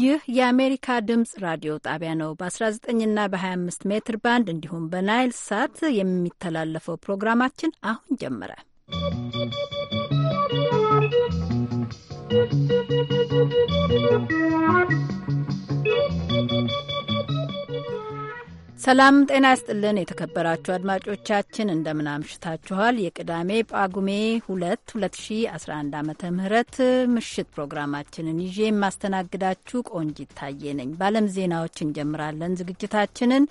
ይህ የአሜሪካ ድምጽ ራዲዮ ጣቢያ ነው። በ19ና በ25 ሜትር ባንድ እንዲሁም በናይል ሳት የሚተላለፈው ፕሮግራማችን አሁን ጀመረ። ¶¶ ሰላም ጤና ይስጥልን። የተከበራችሁ አድማጮቻችን እንደምን አምሽታችኋል? የቅዳሜ ጳጉሜ 2 2011 ዓመተ ምህረት ምሽት ፕሮግራማችንን ይዤ የማስተናግዳችሁ ቆንጂት ታዬ ነኝ። በዓለም ዜናዎች እንጀምራለን ዝግጅታችንን።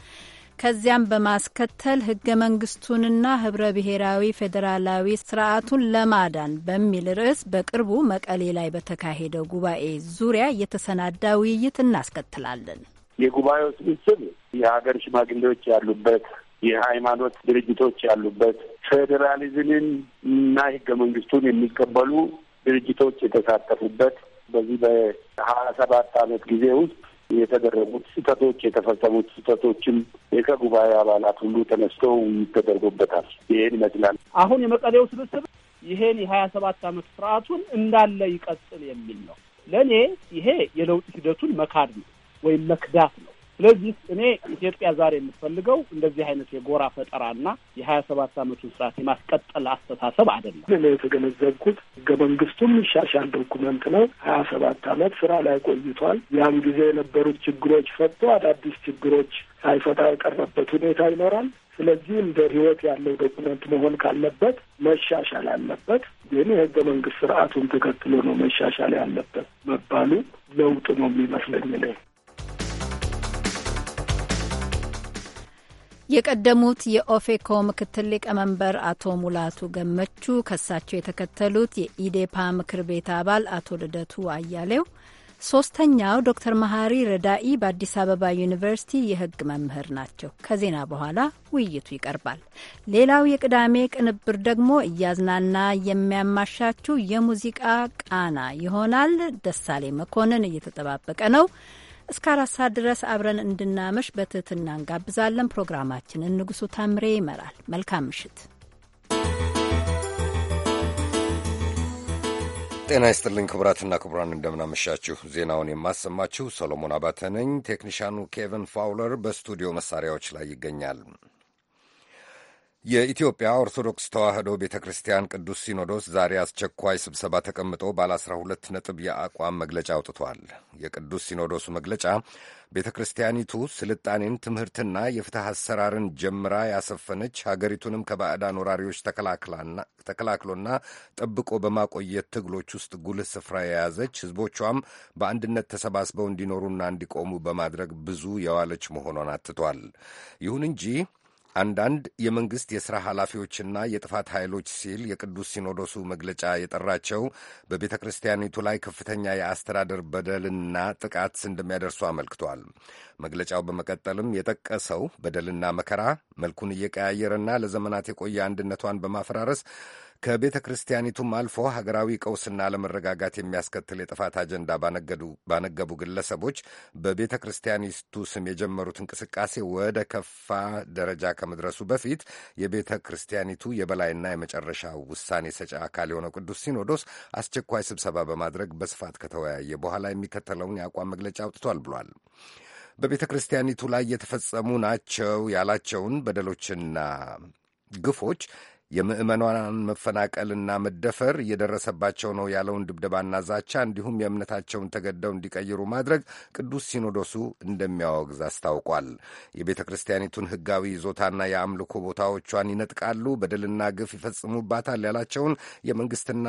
ከዚያም በማስከተል ህገ መንግስቱንና ህብረ ብሔራዊ ፌዴራላዊ ስርዓቱን ለማዳን በሚል ርዕስ በቅርቡ መቀሌ ላይ በተካሄደው ጉባኤ ዙሪያ የተሰናዳ ውይይት እናስከትላለን። የጉባኤው ስብስብ የሀገር ሽማግሌዎች ያሉበት የሃይማኖት ድርጅቶች ያሉበት ፌዴራሊዝምን እና ህገ መንግስቱን የሚቀበሉ ድርጅቶች የተሳተፉበት በዚህ በሀያ ሰባት አመት ጊዜ ውስጥ የተደረጉት ስህተቶች የተፈጸሙት ስህተቶችም ከጉባኤ አባላት ሁሉ ተነስተው ይተደርጉበታል። ይህን ይመስላል። አሁን የመቀሌው ስብስብ ይሄን የሀያ ሰባት አመት ስርዓቱን እንዳለ ይቀጥል የሚል ነው። ለእኔ ይሄ የለውጥ ሂደቱን መካድ ነው። ወይም መክዳት ነው። ስለዚህ እኔ ኢትዮጵያ ዛሬ የምትፈልገው እንደዚህ አይነት የጎራ ፈጠራና የሀያ ሰባት አመቱን ስርዓት የማስቀጠል አስተሳሰብ አይደለም። እኔ የተገነዘብኩት ህገ መንግስቱም ይሻሻል ዶኩመንት ነው። ሀያ ሰባት አመት ስራ ላይ ቆይቷል። ያን ጊዜ የነበሩት ችግሮች ፈቶ አዳዲስ ችግሮች ሳይፈታ የቀረበት ሁኔታ ይኖራል። ስለዚህ እንደ ህይወት ያለው ዶኩመንት መሆን ካለበት መሻሻል አለበት። ግን የህገ መንግስት ስርዓቱን ተከትሎ ነው መሻሻል ያለበት መባሉ ለውጥ ነው የሚመስለኝ። የቀደሙት የኦፌኮ ምክትል ሊቀመንበር አቶ ሙላቱ ገመቹ፣ ከሳቸው የተከተሉት የኢዴፓ ምክር ቤት አባል አቶ ልደቱ አያሌው፣ ሶስተኛው ዶክተር መሐሪ ረዳኢ በአዲስ አበባ ዩኒቨርሲቲ የሕግ መምህር ናቸው። ከዜና በኋላ ውይይቱ ይቀርባል። ሌላው የቅዳሜ ቅንብር ደግሞ እያዝናና የሚያማሻችው የሙዚቃ ቃና ይሆናል። ደሳሌ መኮንን እየተጠባበቀ ነው። እስከ አራት ሰዓት ድረስ አብረን እንድናመሽ በትህትና እንጋብዛለን። ፕሮግራማችንን ንጉሱ ታምሬ ይመራል። መልካም ምሽት። ጤና ይስጥልኝ ክቡራትና ክቡራን፣ እንደምናመሻችሁ። ዜናውን የማሰማችሁ ሰሎሞን አባተ ነኝ። ቴክኒሻኑ ኬቨን ፋውለር በስቱዲዮ መሳሪያዎች ላይ ይገኛል። የኢትዮጵያ ኦርቶዶክስ ተዋሕዶ ቤተ ክርስቲያን ቅዱስ ሲኖዶስ ዛሬ አስቸኳይ ስብሰባ ተቀምጦ ባለ 12 ነጥብ የአቋም መግለጫ አውጥቷል። የቅዱስ ሲኖዶሱ መግለጫ ቤተ ክርስቲያኒቱ ስልጣኔን፣ ትምህርትና የፍትሕ አሰራርን ጀምራ ያሰፈነች ሀገሪቱንም ከባዕዳን ወራሪዎች ተከላክሎና ጠብቆ በማቆየት ትግሎች ውስጥ ጉልህ ስፍራ የያዘች ሕዝቦቿም በአንድነት ተሰባስበው እንዲኖሩና እንዲቆሙ በማድረግ ብዙ የዋለች መሆኗን አትቷል። ይሁን እንጂ አንዳንድ የመንግሥት የሥራ ኃላፊዎችና የጥፋት ኃይሎች ሲል የቅዱስ ሲኖዶሱ መግለጫ የጠራቸው በቤተ ክርስቲያኒቱ ላይ ከፍተኛ የአስተዳደር በደልና ጥቃት እንደሚያደርሱ አመልክቷል። መግለጫው በመቀጠልም የጠቀሰው በደልና መከራ መልኩን እየቀያየረና ለዘመናት የቆየ አንድነቷን በማፈራረስ ከቤተ ክርስቲያኒቱም አልፎ ሀገራዊ ቀውስና አለመረጋጋት የሚያስከትል የጥፋት አጀንዳ ባነገቡ ግለሰቦች በቤተ ክርስቲያኒቱ ስም የጀመሩት እንቅስቃሴ ወደ ከፋ ደረጃ ከመድረሱ በፊት የቤተ ክርስቲያኒቱ የበላይና የመጨረሻ ውሳኔ ሰጪ አካል የሆነው ቅዱስ ሲኖዶስ አስቸኳይ ስብሰባ በማድረግ በስፋት ከተወያየ በኋላ የሚከተለውን የአቋም መግለጫ አውጥቷል ብሏል። በቤተ ክርስቲያኒቱ ላይ የተፈጸሙ ናቸው ያላቸውን በደሎችና ግፎች የምዕመኗን መፈናቀልና መደፈር እየደረሰባቸው ነው ያለውን ድብደባና ዛቻ እንዲሁም የእምነታቸውን ተገደው እንዲቀይሩ ማድረግ ቅዱስ ሲኖዶሱ እንደሚያወግዝ አስታውቋል። የቤተ ክርስቲያኒቱን ሕጋዊ ይዞታና የአምልኮ ቦታዎቿን ይነጥቃሉ፣ በደልና ግፍ ይፈጽሙባታል ያላቸውን የመንግስትና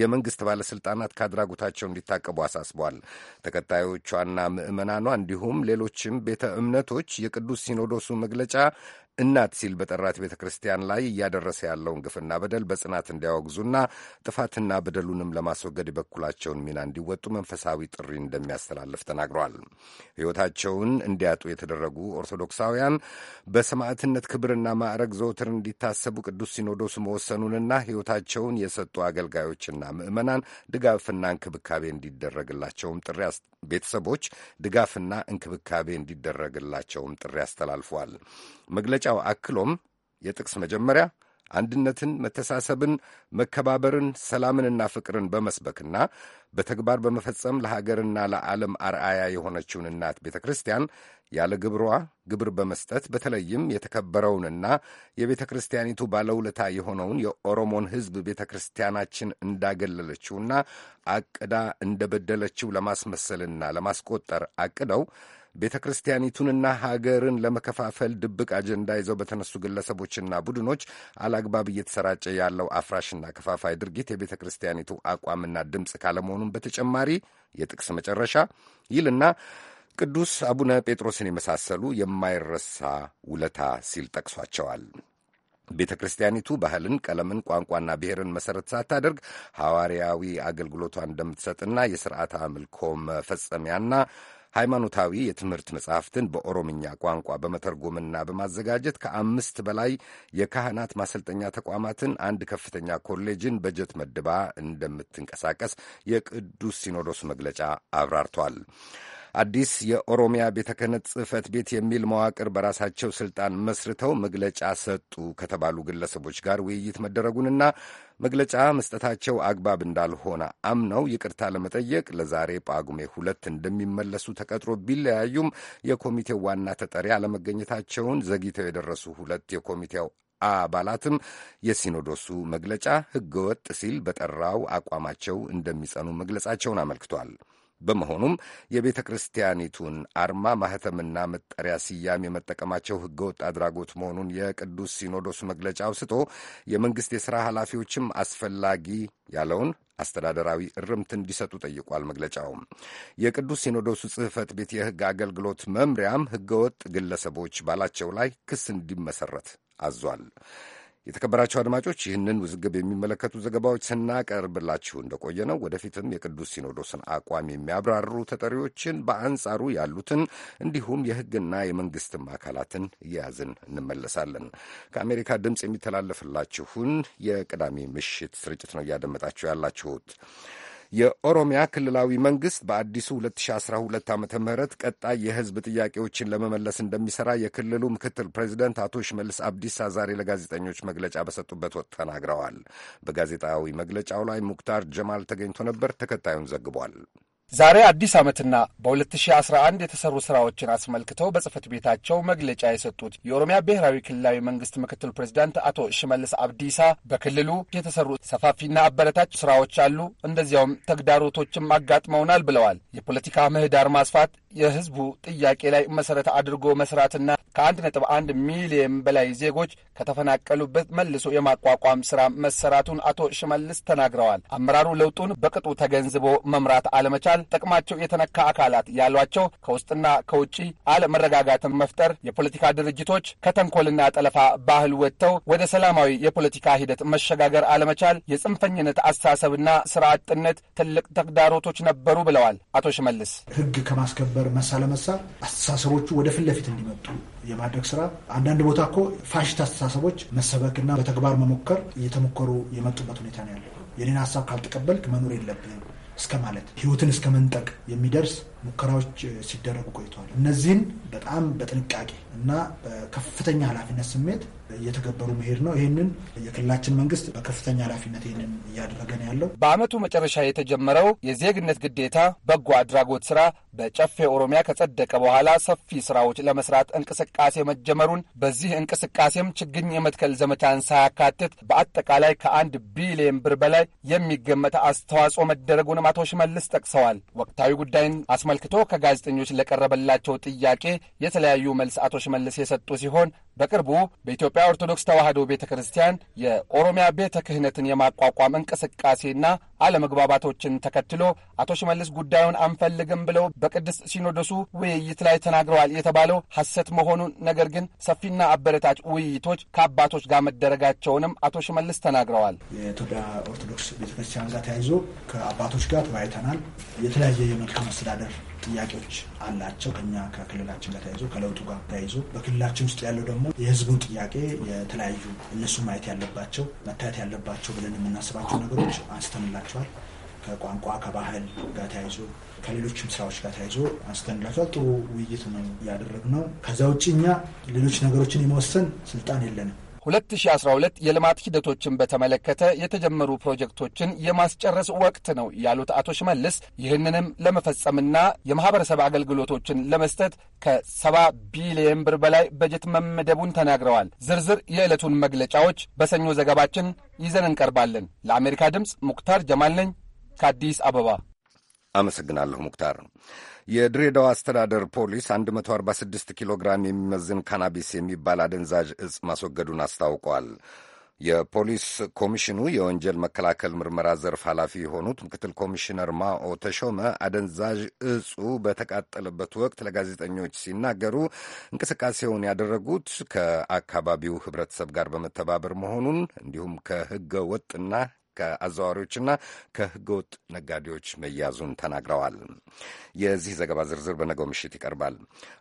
የመንግስት ባለሥልጣናት ከአድራጎታቸው እንዲታቀቡ አሳስቧል። ተከታዮቿና ምዕመናኗ እንዲሁም ሌሎችም ቤተ እምነቶች የቅዱስ ሲኖዶሱ መግለጫ እናት ሲል በጠራት ቤተ ክርስቲያን ላይ እያደረሰ ያለውን ግፍና በደል በጽናት እንዲያወግዙና ጥፋትና በደሉንም ለማስወገድ የበኩላቸውን ሚና እንዲወጡ መንፈሳዊ ጥሪ እንደሚያስተላልፍ ተናግሯል። ሕይወታቸውን እንዲያጡ የተደረጉ ኦርቶዶክሳውያን በሰማዕትነት ክብርና ማዕረግ ዘወትር እንዲታሰቡ ቅዱስ ሲኖዶስ መወሰኑንና ሕይወታቸውን የሰጡ አገልጋዮችና ምዕመናን ድጋፍና እንክብካቤ እንዲደረግላቸውም ጥሪ ቤተሰቦች ድጋፍና እንክብካቤ እንዲደረግላቸውም ጥሪ አስተላልፏል። መግለጫው አክሎም የጥቅስ መጀመሪያ አንድነትን፣ መተሳሰብን፣ መከባበርን፣ ሰላምንና ፍቅርን በመስበክና በተግባር በመፈጸም ለሀገርና ለዓለም አርአያ የሆነችውን እናት ቤተ ክርስቲያን ያለ ግብሯ ግብር በመስጠት በተለይም የተከበረውንና የቤተ ክርስቲያኒቱ ባለውለታ የሆነውን የኦሮሞን ሕዝብ ቤተ ክርስቲያናችን እንዳገለለችውና አቅዳ እንደበደለችው ለማስመሰልና ለማስቆጠር አቅደው ቤተ ክርስቲያኒቱንና ሀገርን ለመከፋፈል ድብቅ አጀንዳ ይዘው በተነሱ ግለሰቦችና ቡድኖች አላግባብ እየተሰራጨ ያለው አፍራሽና ከፋፋይ ድርጊት የቤተ ክርስቲያኒቱ አቋምና ድምፅ ካለመሆኑም በተጨማሪ የጥቅስ መጨረሻ ይልና ቅዱስ አቡነ ጴጥሮስን የመሳሰሉ የማይረሳ ውለታ ሲል ጠቅሷቸዋል። ቤተ ክርስቲያኒቱ ባህልን፣ ቀለምን፣ ቋንቋና ብሔርን መሠረት ሳታደርግ ሐዋርያዊ አገልግሎቷን እንደምትሰጥና የሥርዓተ አምልኮ መፈጸሚያና ሃይማኖታዊ የትምህርት መጽሐፍትን በኦሮምኛ ቋንቋ በመተርጎምና በማዘጋጀት ከአምስት በላይ የካህናት ማሰልጠኛ ተቋማትን፣ አንድ ከፍተኛ ኮሌጅን በጀት መድባ እንደምትንቀሳቀስ የቅዱስ ሲኖዶስ መግለጫ አብራርቷል። አዲስ የኦሮሚያ ቤተ ክህነት ጽህፈት ቤት የሚል መዋቅር በራሳቸው ስልጣን መስርተው መግለጫ ሰጡ ከተባሉ ግለሰቦች ጋር ውይይት መደረጉንና መግለጫ መስጠታቸው አግባብ እንዳልሆነ አምነው ይቅርታ ለመጠየቅ ለዛሬ ጳጉሜ ሁለት እንደሚመለሱ ተቀጥሮ ቢለያዩም የኮሚቴው ዋና ተጠሪ አለመገኘታቸውን ዘግይተው የደረሱ ሁለት የኮሚቴው አባላትም የሲኖዶሱ መግለጫ ሕገወጥ ሲል በጠራው አቋማቸው እንደሚጸኑ መግለጻቸውን አመልክቷል። በመሆኑም የቤተ ክርስቲያኒቱን አርማ ማህተምና መጠሪያ ስያሜ የመጠቀማቸው ህገወጥ አድራጎት መሆኑን የቅዱስ ሲኖዶስ መግለጫ አውስቶ የመንግሥት የሥራ ኃላፊዎችም አስፈላጊ ያለውን አስተዳደራዊ እርምት እንዲሰጡ ጠይቋል። መግለጫው የቅዱስ ሲኖዶሱ ጽሕፈት ቤት የሕግ አገልግሎት መምሪያም ህገወጥ ግለሰቦች ባላቸው ላይ ክስ እንዲመሰረት አዟል። የተከበራቸው አድማጮች ይህንን ውዝግብ የሚመለከቱ ዘገባዎች ስናቀርብላችሁ እንደቆየ ነው። ወደፊትም የቅዱስ ሲኖዶስን አቋም የሚያብራሩ ተጠሪዎችን፣ በአንጻሩ ያሉትን እንዲሁም የሕግና የመንግስትም አካላትን እየያዝን እንመለሳለን። ከአሜሪካ ድምፅ የሚተላለፍላችሁን የቅዳሜ ምሽት ስርጭት ነው እያደመጣችሁ ያላችሁት። የኦሮሚያ ክልላዊ መንግስት በአዲሱ 2012 ዓ ም ቀጣይ የህዝብ ጥያቄዎችን ለመመለስ እንደሚሰራ የክልሉ ምክትል ፕሬዚደንት አቶ ሽመልስ አብዲሳ ዛሬ ለጋዜጠኞች መግለጫ በሰጡበት ወቅት ተናግረዋል። በጋዜጣዊ መግለጫው ላይ ሙክታር ጀማል ተገኝቶ ነበር። ተከታዩን ዘግቧል። ዛሬ አዲስ ዓመትና በ2011 የተሰሩ ስራዎችን አስመልክተው በጽህፈት ቤታቸው መግለጫ የሰጡት የኦሮሚያ ብሔራዊ ክልላዊ መንግስት ምክትል ፕሬዚዳንት አቶ ሽመልስ አብዲሳ በክልሉ የተሰሩ ሰፋፊና አበረታች ስራዎች አሉ፣ እንደዚያውም ተግዳሮቶችም አጋጥመውናል ብለዋል። የፖለቲካ ምህዳር ማስፋት፣ የህዝቡ ጥያቄ ላይ መሰረት አድርጎ መስራትና ከ1.1 ሚሊየን በላይ ዜጎች ከተፈናቀሉበት መልሶ የማቋቋም ስራ መሰራቱን አቶ ሽመልስ ተናግረዋል። አመራሩ ለውጡን በቅጡ ተገንዝቦ መምራት አለመቻል ቀን ጥቅማቸው የተነካ አካላት ያሏቸው ከውስጥና ከውጭ አለመረጋጋትን መፍጠር የፖለቲካ ድርጅቶች ከተንኮልና ጠለፋ ባህል ወጥተው ወደ ሰላማዊ የፖለቲካ ሂደት መሸጋገር አለመቻል የጽንፈኝነት አስተሳሰብና ስራ አጥነት ትልቅ ተግዳሮቶች ነበሩ ብለዋል አቶ ሽመልስ። ህግ ከማስከበር መሳ ለመሳ አስተሳሰቦቹ ወደ ፊት ለፊት እንዲመጡ የማድረግ ስራ አንዳንድ ቦታ እኮ ፋሽት አስተሳሰቦች መሰበክና በተግባር መሞከር እየተሞከሩ የመጡበት ሁኔታ ነው ያለው። የኔን ሀሳብ ካልተቀበልክ መኖር የለብህም እስከ ማለት ህይወትን እስከ መንጠቅ የሚደርስ ሙከራዎች ሲደረጉ ቆይተዋል። እነዚህን በጣም በጥንቃቄ እና በከፍተኛ ኃላፊነት ስሜት እየተገበሩ መሄድ ነው። ይህንን የክልላችን መንግስት በከፍተኛ ኃላፊነት ይህንን እያደረገ ነው ያለው። በአመቱ መጨረሻ የተጀመረው የዜግነት ግዴታ በጎ አድራጎት ስራ በጨፌ ኦሮሚያ ከጸደቀ በኋላ ሰፊ ስራዎች ለመስራት እንቅስቃሴ መጀመሩን፣ በዚህ እንቅስቃሴም ችግኝ የመትከል ዘመቻን ሳያካትት በአጠቃላይ ከአንድ ቢሊየን ብር በላይ የሚገመት አስተዋጽኦ መደረጉንም አቶ ሽመልስ ጠቅሰዋል። ወቅታዊ ጉዳይን አስመልክቶ ከጋዜጠኞች ለቀረበላቸው ጥያቄ የተለያዩ መልስ አቶ ሽመልስ የሰጡ ሲሆን በቅርቡ በኢትዮጵያ የኢትዮጵያ ኦርቶዶክስ ተዋሕዶ ቤተ ክርስቲያን የኦሮሚያ ቤተ ክህነትን የማቋቋም እንቅስቃሴና አለመግባባቶችን ተከትሎ አቶ ሽመልስ ጉዳዩን አንፈልግም ብለው በቅድስት ሲኖዶሱ ውይይት ላይ ተናግረዋል የተባለው ሐሰት መሆኑን ነገር ግን ሰፊና አበረታች ውይይቶች ከአባቶች ጋር መደረጋቸውንም አቶ ሽመልስ ተናግረዋል። የኢትዮጵያ ኦርቶዶክስ ቤተ ክርስቲያን ጋር ተያይዞ ከአባቶች ጋር ተወያይተናል። የተለያየ የመልካም አስተዳደር ጥያቄዎች አላቸው ከኛ ከክልላችን ጋር ተያይዞ ከለውጡ ጋር ተያይዞ በክልላችን ውስጥ ያለው ደግሞ የህዝቡን ጥያቄ የተለያዩ እነሱ ማየት ያለባቸው መታየት ያለባቸው ብለን የምናስባቸው ነገሮች አንስተንላቸዋል። ከቋንቋ ከባህል ጋር ተያይዞ ከሌሎችም ስራዎች ጋር ተያይዞ አንስተንላቸዋል። ጥሩ ውይይት ነው ያደረግነው። ከዛ ውጭ እኛ ሌሎች ነገሮችን የመወሰን ስልጣን የለንም። 2012 የልማት ሂደቶችን በተመለከተ የተጀመሩ ፕሮጀክቶችን የማስጨረስ ወቅት ነው ያሉት አቶ ሽመልስ ይህንንም ለመፈጸምና የማህበረሰብ አገልግሎቶችን ለመስጠት ከ 7 ቢሊየን ብር በላይ በጀት መመደቡን ተናግረዋል። ዝርዝር የዕለቱን መግለጫዎች በሰኞ ዘገባችን ይዘን እንቀርባለን። ለአሜሪካ ድምፅ ሙክታር ጀማል ነኝ ከአዲስ አበባ አመሰግናለሁ። ሙክታር የድሬዳዋ አስተዳደር ፖሊስ 146 ኪሎ ግራም የሚመዝን ካናቢስ የሚባል አደንዛዥ እጽ ማስወገዱን አስታውቋል። የፖሊስ ኮሚሽኑ የወንጀል መከላከል ምርመራ ዘርፍ ኃላፊ የሆኑት ምክትል ኮሚሽነር ማኦ ተሾመ አደንዛዥ እጹ በተቃጠለበት ወቅት ለጋዜጠኞች ሲናገሩ እንቅስቃሴውን ያደረጉት ከአካባቢው ሕብረተሰብ ጋር በመተባበር መሆኑን እንዲሁም ከሕገ ወጥና ከአዘዋሪዎችና ከህገወጥ ነጋዴዎች መያዙን ተናግረዋል። የዚህ ዘገባ ዝርዝር በነገው ምሽት ይቀርባል።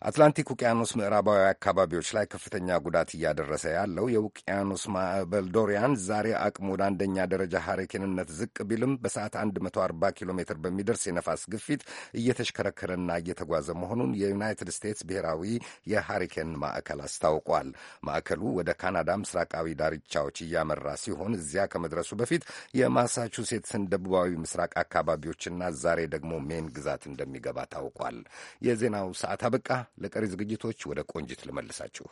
አትላንቲክ ውቅያኖስ ምዕራባዊ አካባቢዎች ላይ ከፍተኛ ጉዳት እያደረሰ ያለው የውቅያኖስ ማዕበል ዶሪያን ዛሬ አቅሙ ወደ አንደኛ ደረጃ ሀሪኬንነት ዝቅ ቢልም በሰዓት 140 ኪሎ ሜትር በሚደርስ የነፋስ ግፊት እየተሽከረከረና እየተጓዘ መሆኑን የዩናይትድ ስቴትስ ብሔራዊ የሐሪኬን ማዕከል አስታውቋል። ማዕከሉ ወደ ካናዳ ምስራቃዊ ዳርቻዎች እያመራ ሲሆን እዚያ ከመድረሱ በፊት የማሳቹሴትስን ደቡባዊ ምስራቅ አካባቢዎችና ዛሬ ደግሞ ሜን ግዛት እንደሚገባ ታውቋል። የዜናው ሰዓት አበቃ። ለቀሪ ዝግጅቶች ወደ ቆንጅት ልመልሳችሁ።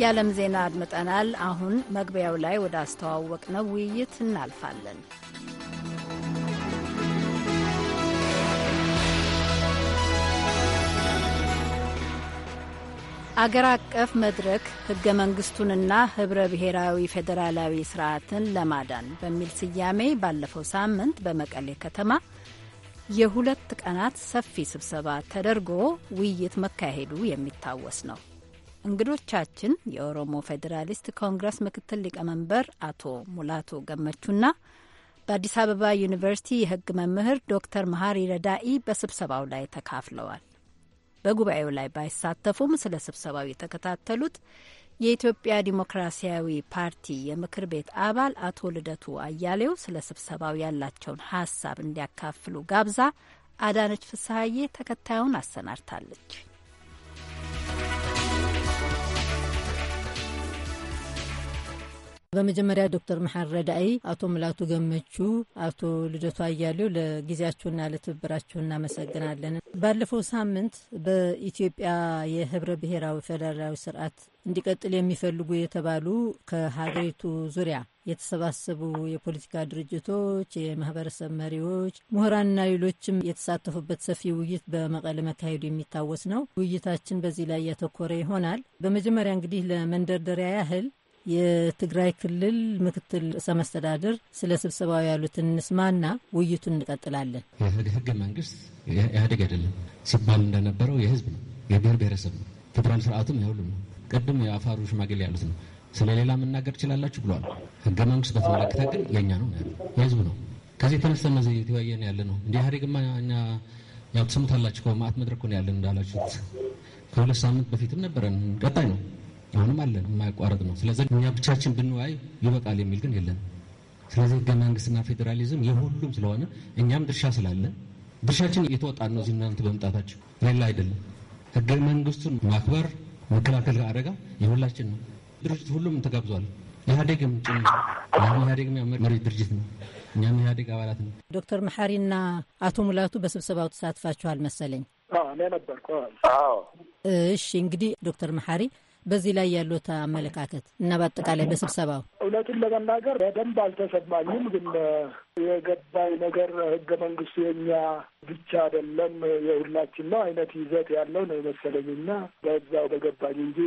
የዓለም ዜና አድምጠናል። አሁን መግቢያው ላይ ወደ አስተዋወቅ ነው ውይይት እናልፋለን። አገር አቀፍ መድረክ ህገ መንግስቱንና ህብረ ብሔራዊ ፌዴራላዊ ስርዓትን ለማዳን በሚል ስያሜ ባለፈው ሳምንት በመቀሌ ከተማ የሁለት ቀናት ሰፊ ስብሰባ ተደርጎ ውይይት መካሄዱ የሚታወስ ነው። እንግዶቻችን የኦሮሞ ፌዴራሊስት ኮንግረስ ምክትል ሊቀመንበር አቶ ሙላቱ ገመቹና በአዲስ አበባ ዩኒቨርሲቲ የህግ መምህር ዶክተር መሀሪ ረዳኢ በስብሰባው ላይ ተካፍለዋል። በጉባኤው ላይ ባይሳተፉም ስለ ስብሰባው የተከታተሉት የኢትዮጵያ ዲሞክራሲያዊ ፓርቲ የምክር ቤት አባል አቶ ልደቱ አያሌው ስለ ስብሰባው ያላቸውን ሀሳብ እንዲያካፍሉ ጋብዛ አዳነች ፍስሀዬ ተከታዩን አሰናድታለች። በመጀመሪያ ዶክተር መሐር ረዳኢ፣ አቶ ምላቱ ገመቹ፣ አቶ ልደቱ አያሌው ለጊዜያችሁና ለትብብራችሁ እናመሰግናለን። ባለፈው ሳምንት በኢትዮጵያ የህብረ ብሔራዊ ፌዴራላዊ ስርዓት እንዲቀጥል የሚፈልጉ የተባሉ ከሀገሪቱ ዙሪያ የተሰባሰቡ የፖለቲካ ድርጅቶች፣ የማህበረሰብ መሪዎች፣ ምሁራንና ሌሎችም የተሳተፉበት ሰፊ ውይይት በመቀለ መካሄዱ የሚታወስ ነው። ውይይታችን በዚህ ላይ ያተኮረ ይሆናል። በመጀመሪያ እንግዲህ ለመንደርደሪያ ያህል የትግራይ ክልል ምክትል ርዕሰ መስተዳድር ስለ ስብሰባው ያሉትን እንስማና ውይይቱን እንቀጥላለን። ህገ መንግስት ኢህአዴግ አይደለም ሲባል እንደነበረው የህዝብ ነው፣ የብሔር ብሔረሰብ ነው። ፌዴራል ስርዓቱም የሁሉም ነው። ቅድም የአፋሩ ሽማግሌ ያሉት ነው። ስለ ሌላ መናገር ትችላላችሁ ብለዋል። ህገ መንግስት በተመለከተ ግን የእኛ ነው፣ የህዝብ ነው። ከዚህ የተነሳ ነዚ የተወያየን ያለ ነው። እንደ ኢህአዴግማ እኛ ያው ትሰሙታላችሁ። ከማአት መድረክ ሆነ ያለን እንዳላችሁት ከሁለት ሳምንት በፊትም ነበረን። ቀጣይ ነው አሁንም አለን የማያቋረጥ ነው። ስለዚህ እኛ ብቻችን ብንወያይ ይበቃል የሚል ግን የለን። ስለዚህ ህገ መንግስትና ፌዴራሊዝም የሁሉም ስለሆነ እኛም ድርሻ ስላለን ድርሻችን የተወጣን ነው። እዚህ እናንተ በመምጣታችሁ ሌላ አይደለም። ህገ መንግስቱን ማክበር መከላከል አደጋ የሁላችን ነው። ድርጅት ሁሉም ተጋብዟል። ኢህአዴግም ጭምር ኢህአዴግም መሪ ድርጅት ነው። እኛም ኢህአዴግ አባላት ነው። ዶክተር መሐሪና አቶ ሙላቱ በስብሰባው ተሳትፋችኋል መሰለኝ። እሺ እንግዲህ ዶክተር መሐሪ በዚህ ላይ ያሉት አመለካከት እና በአጠቃላይ በስብሰባው እውነቱን ለመናገር በደንብ አልተሰማኝም ግን የገባኝ ነገር ህገ መንግስቱ የኛ ብቻ አይደለም የሁላችን ነው አይነት ይዘት ያለው ነው የመሰለኝና በዛው በገባኝ እንጂ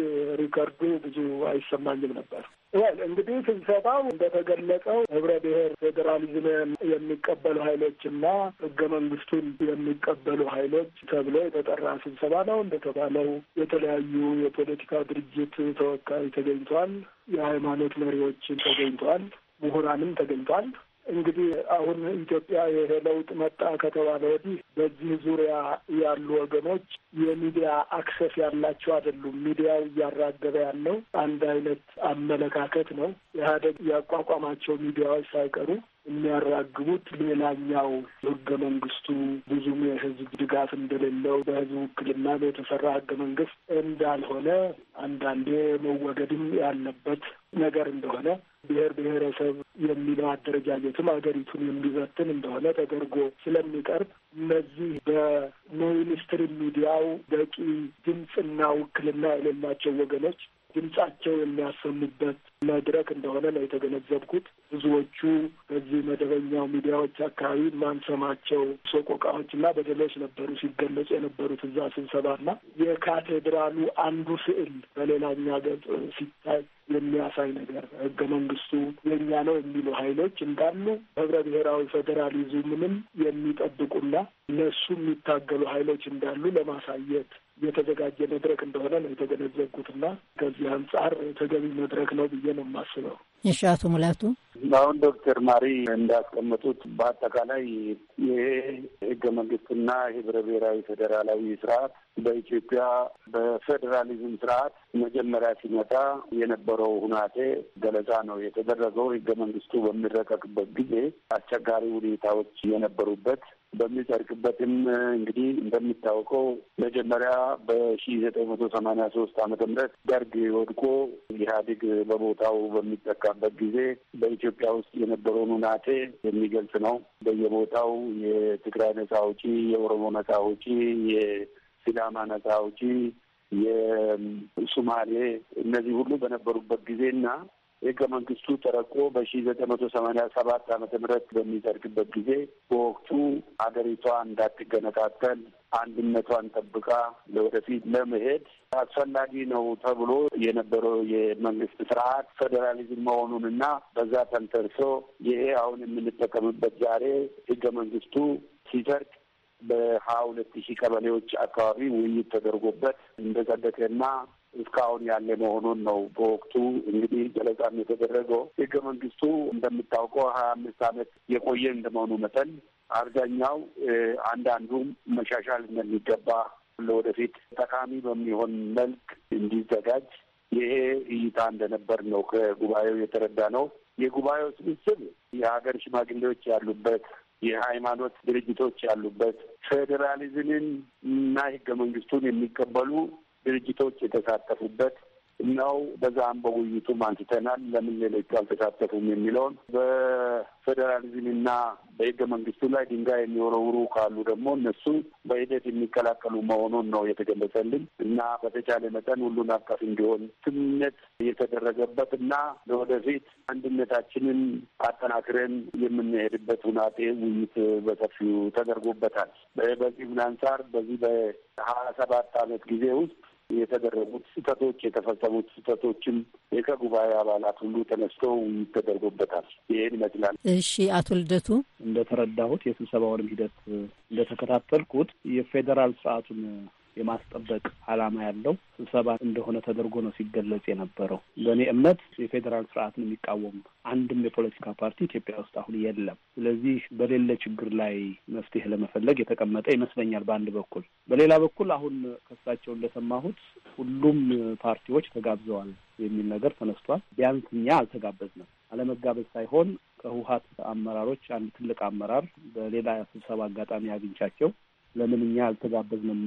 ሪከርዱ ብዙ አይሰማኝም ነበር። ወል እንግዲህ ስብሰባው እንደተገለጸው ህብረ ብሔር ፌዴራሊዝም የሚቀበሉ ሀይሎችና ህገ መንግስቱን የሚቀበሉ ሀይሎች ተብሎ የተጠራ ስብሰባ ነው። እንደተባለው የተለያዩ የፖለቲካ ድርጅት ተወካይ ተገኝቷል። የሃይማኖት መሪዎችን ተገኝቷል። ምሁራንም ተገኝቷል። እንግዲህ አሁን ኢትዮጵያ ይሄ ለውጥ መጣ ከተባለ ወዲህ በዚህ ዙሪያ ያሉ ወገኖች የሚዲያ አክሰስ ያላቸው አይደሉም። ሚዲያው እያራገበ ያለው አንድ አይነት አመለካከት ነው። ኢህአዴግ ያቋቋማቸው ሚዲያዎች ሳይቀሩ የሚያራግቡት ሌላኛው ህገ መንግስቱ ብዙም የህዝብ ድጋፍ እንደሌለው በህዝብ ውክልና የተሰራ ህገ መንግስት እንዳልሆነ አንዳንዴ መወገድም ያለበት ነገር እንደሆነ ብሔር ብሔረሰብ የሚለው አደረጃጀትም ሀገሪቱን የሚበትን እንደሆነ ተደርጎ ስለሚቀርብ እነዚህ በሜይንስትሪም ሚዲያው በቂ ድምፅና ውክልና የሌላቸው ወገኖች ድምጻቸው የሚያሰሙበት መድረክ እንደሆነ ነው የተገነዘብኩት። ብዙዎቹ በዚህ መደበኛው ሚዲያዎች አካባቢ ማንሰማቸው እና በደሎች ነበሩ ሲገለጹ የነበሩት እዛ ስብሰባና የካቴድራሉ አንዱ ስዕል በሌላኛ ገጽ ሲታይ የሚያሳይ ነገር ህገ መንግስቱ የኛ ነው የሚሉ ኃይሎች እንዳሉ ህብረ ብሔራዊ ፌዴራሊዝምንም የሚጠብቁና ለሱ የሚታገሉ ኃይሎች እንዳሉ ለማሳየት የተዘጋጀ መድረክ እንደሆነ ነው የተገነዘብኩትና ከዚህ አንጻር ተገቢ መድረክ ነው ብዬ ነው የማስበው። እሺ፣ አቶ ሙላቱ አሁን ዶክተር ማሪ እንዳስቀመጡት በአጠቃላይ ይሄ ህገ መንግስትና ህብረ ብሔራዊ ፌዴራላዊ ስርዓት በኢትዮጵያ በፌዴራሊዝም ስርዓት መጀመሪያ ሲመጣ የነበረው ሁናቴ ገለጻ ነው የተደረገው። ህገ መንግስቱ በሚረቀቅበት ጊዜ አስቸጋሪ ሁኔታዎች የነበሩበት በሚጠርቅበትም እንግዲህ እንደሚታወቀው መጀመሪያ በሺ ዘጠኝ መቶ ሰማኒያ ሶስት ዓመተ ምህረት ደርግ ወድቆ ኢህአዴግ በቦታው በሚጠቃበት ጊዜ በኢትዮጵያ ውስጥ የነበረውን ሁናቴ የሚገልጽ ነው። በየቦታው የትግራይ ነጻ አውጪ፣ የኦሮሞ ነጻ አውጪ፣ የሲዳማ ነጻ አውጪ የሱማሌ እነዚህ ሁሉ በነበሩበት ጊዜና ህገ መንግስቱ ተረቆ በሺ ዘጠኝ መቶ ሰማኒያ ሰባት አመተ ምህረት በሚደርግበት ጊዜ በወቅቱ አገሪቷ እንዳትገነጣጠል አንድነቷን ጠብቃ ለወደፊት ለመሄድ አስፈላጊ ነው ተብሎ የነበረው የመንግስት ስርዓት ፌዴራሊዝም መሆኑንና በዛ ተንተርሶ ይሄ አሁን የምንጠቀምበት ዛሬ ህገ መንግስቱ ሲጸድቅ በሀያ ሁለት ሺህ ቀበሌዎች አካባቢ ውይይት ተደርጎበት እንደጸደቀና እስካሁን ያለ መሆኑን ነው። በወቅቱ እንግዲህ ገለጻም የተደረገው ህገ መንግስቱ እንደምታውቀው ሀያ አምስት አመት የቆየ እንደመሆኑ መጠን አብዛኛው አንዳንዱም መሻሻል እንደሚገባ ለወደፊት ጠቃሚ በሚሆን መልክ እንዲዘጋጅ ይሄ እይታ እንደነበር ነው ከጉባኤው የተረዳ ነው። የጉባኤው ስብስብ የሀገር ሽማግሌዎች ያሉበት የሃይማኖት ድርጅቶች ያሉበት ፌዴራሊዝምን እና ህገ መንግስቱን የሚቀበሉ ድርጅቶች የተሳተፉበት ነው። በዛም በውይይቱም አንስተናል። ለምን ሌሎቹ አልተሳተፉም የሚለውን በፌዴራሊዝምና በህገ መንግስቱ ላይ ድንጋይ የሚወረውሩ ካሉ ደግሞ እነሱ በሂደት የሚቀላቀሉ መሆኑን ነው የተገለጸልን እና በተቻለ መጠን ሁሉን አቀፍ እንዲሆን ስምምነት የተደረገበት እና ለወደፊት አንድነታችንን አጠናክረን የምንሄድበት ሁናቴ ውይይት በሰፊው ተደርጎበታል። ምን አንጻር በዚህ በሀያ ሰባት አመት ጊዜ ውስጥ የተደረጉት ስህተቶች የተፈጸሙት ስህተቶችም ከጉባኤ አባላት ሁሉ ተነስተው ይተደርጉበታል። ይህን ይመስላል። እሺ፣ አቶ ልደቱ እንደተረዳሁት የስብሰባውንም ሂደት እንደተከታተልኩት የፌዴራል ስርዓቱን የማስጠበቅ ዓላማ ያለው ስብሰባ እንደሆነ ተደርጎ ነው ሲገለጽ የነበረው። በእኔ እምነት የፌዴራል ስርዓትን የሚቃወም አንድም የፖለቲካ ፓርቲ ኢትዮጵያ ውስጥ አሁን የለም። ስለዚህ በሌለ ችግር ላይ መፍትሄ ለመፈለግ የተቀመጠ ይመስለኛል በአንድ በኩል። በሌላ በኩል አሁን ከሳቸው እንደሰማሁት ሁሉም ፓርቲዎች ተጋብዘዋል የሚል ነገር ተነስቷል። ቢያንስ እኛ አልተጋበዝንም። አለመጋበዝ ሳይሆን ከህወሀት አመራሮች አንድ ትልቅ አመራር በሌላ ስብሰባ አጋጣሚ አግኝቻቸው ለምን እኛ አልተጋበዝንም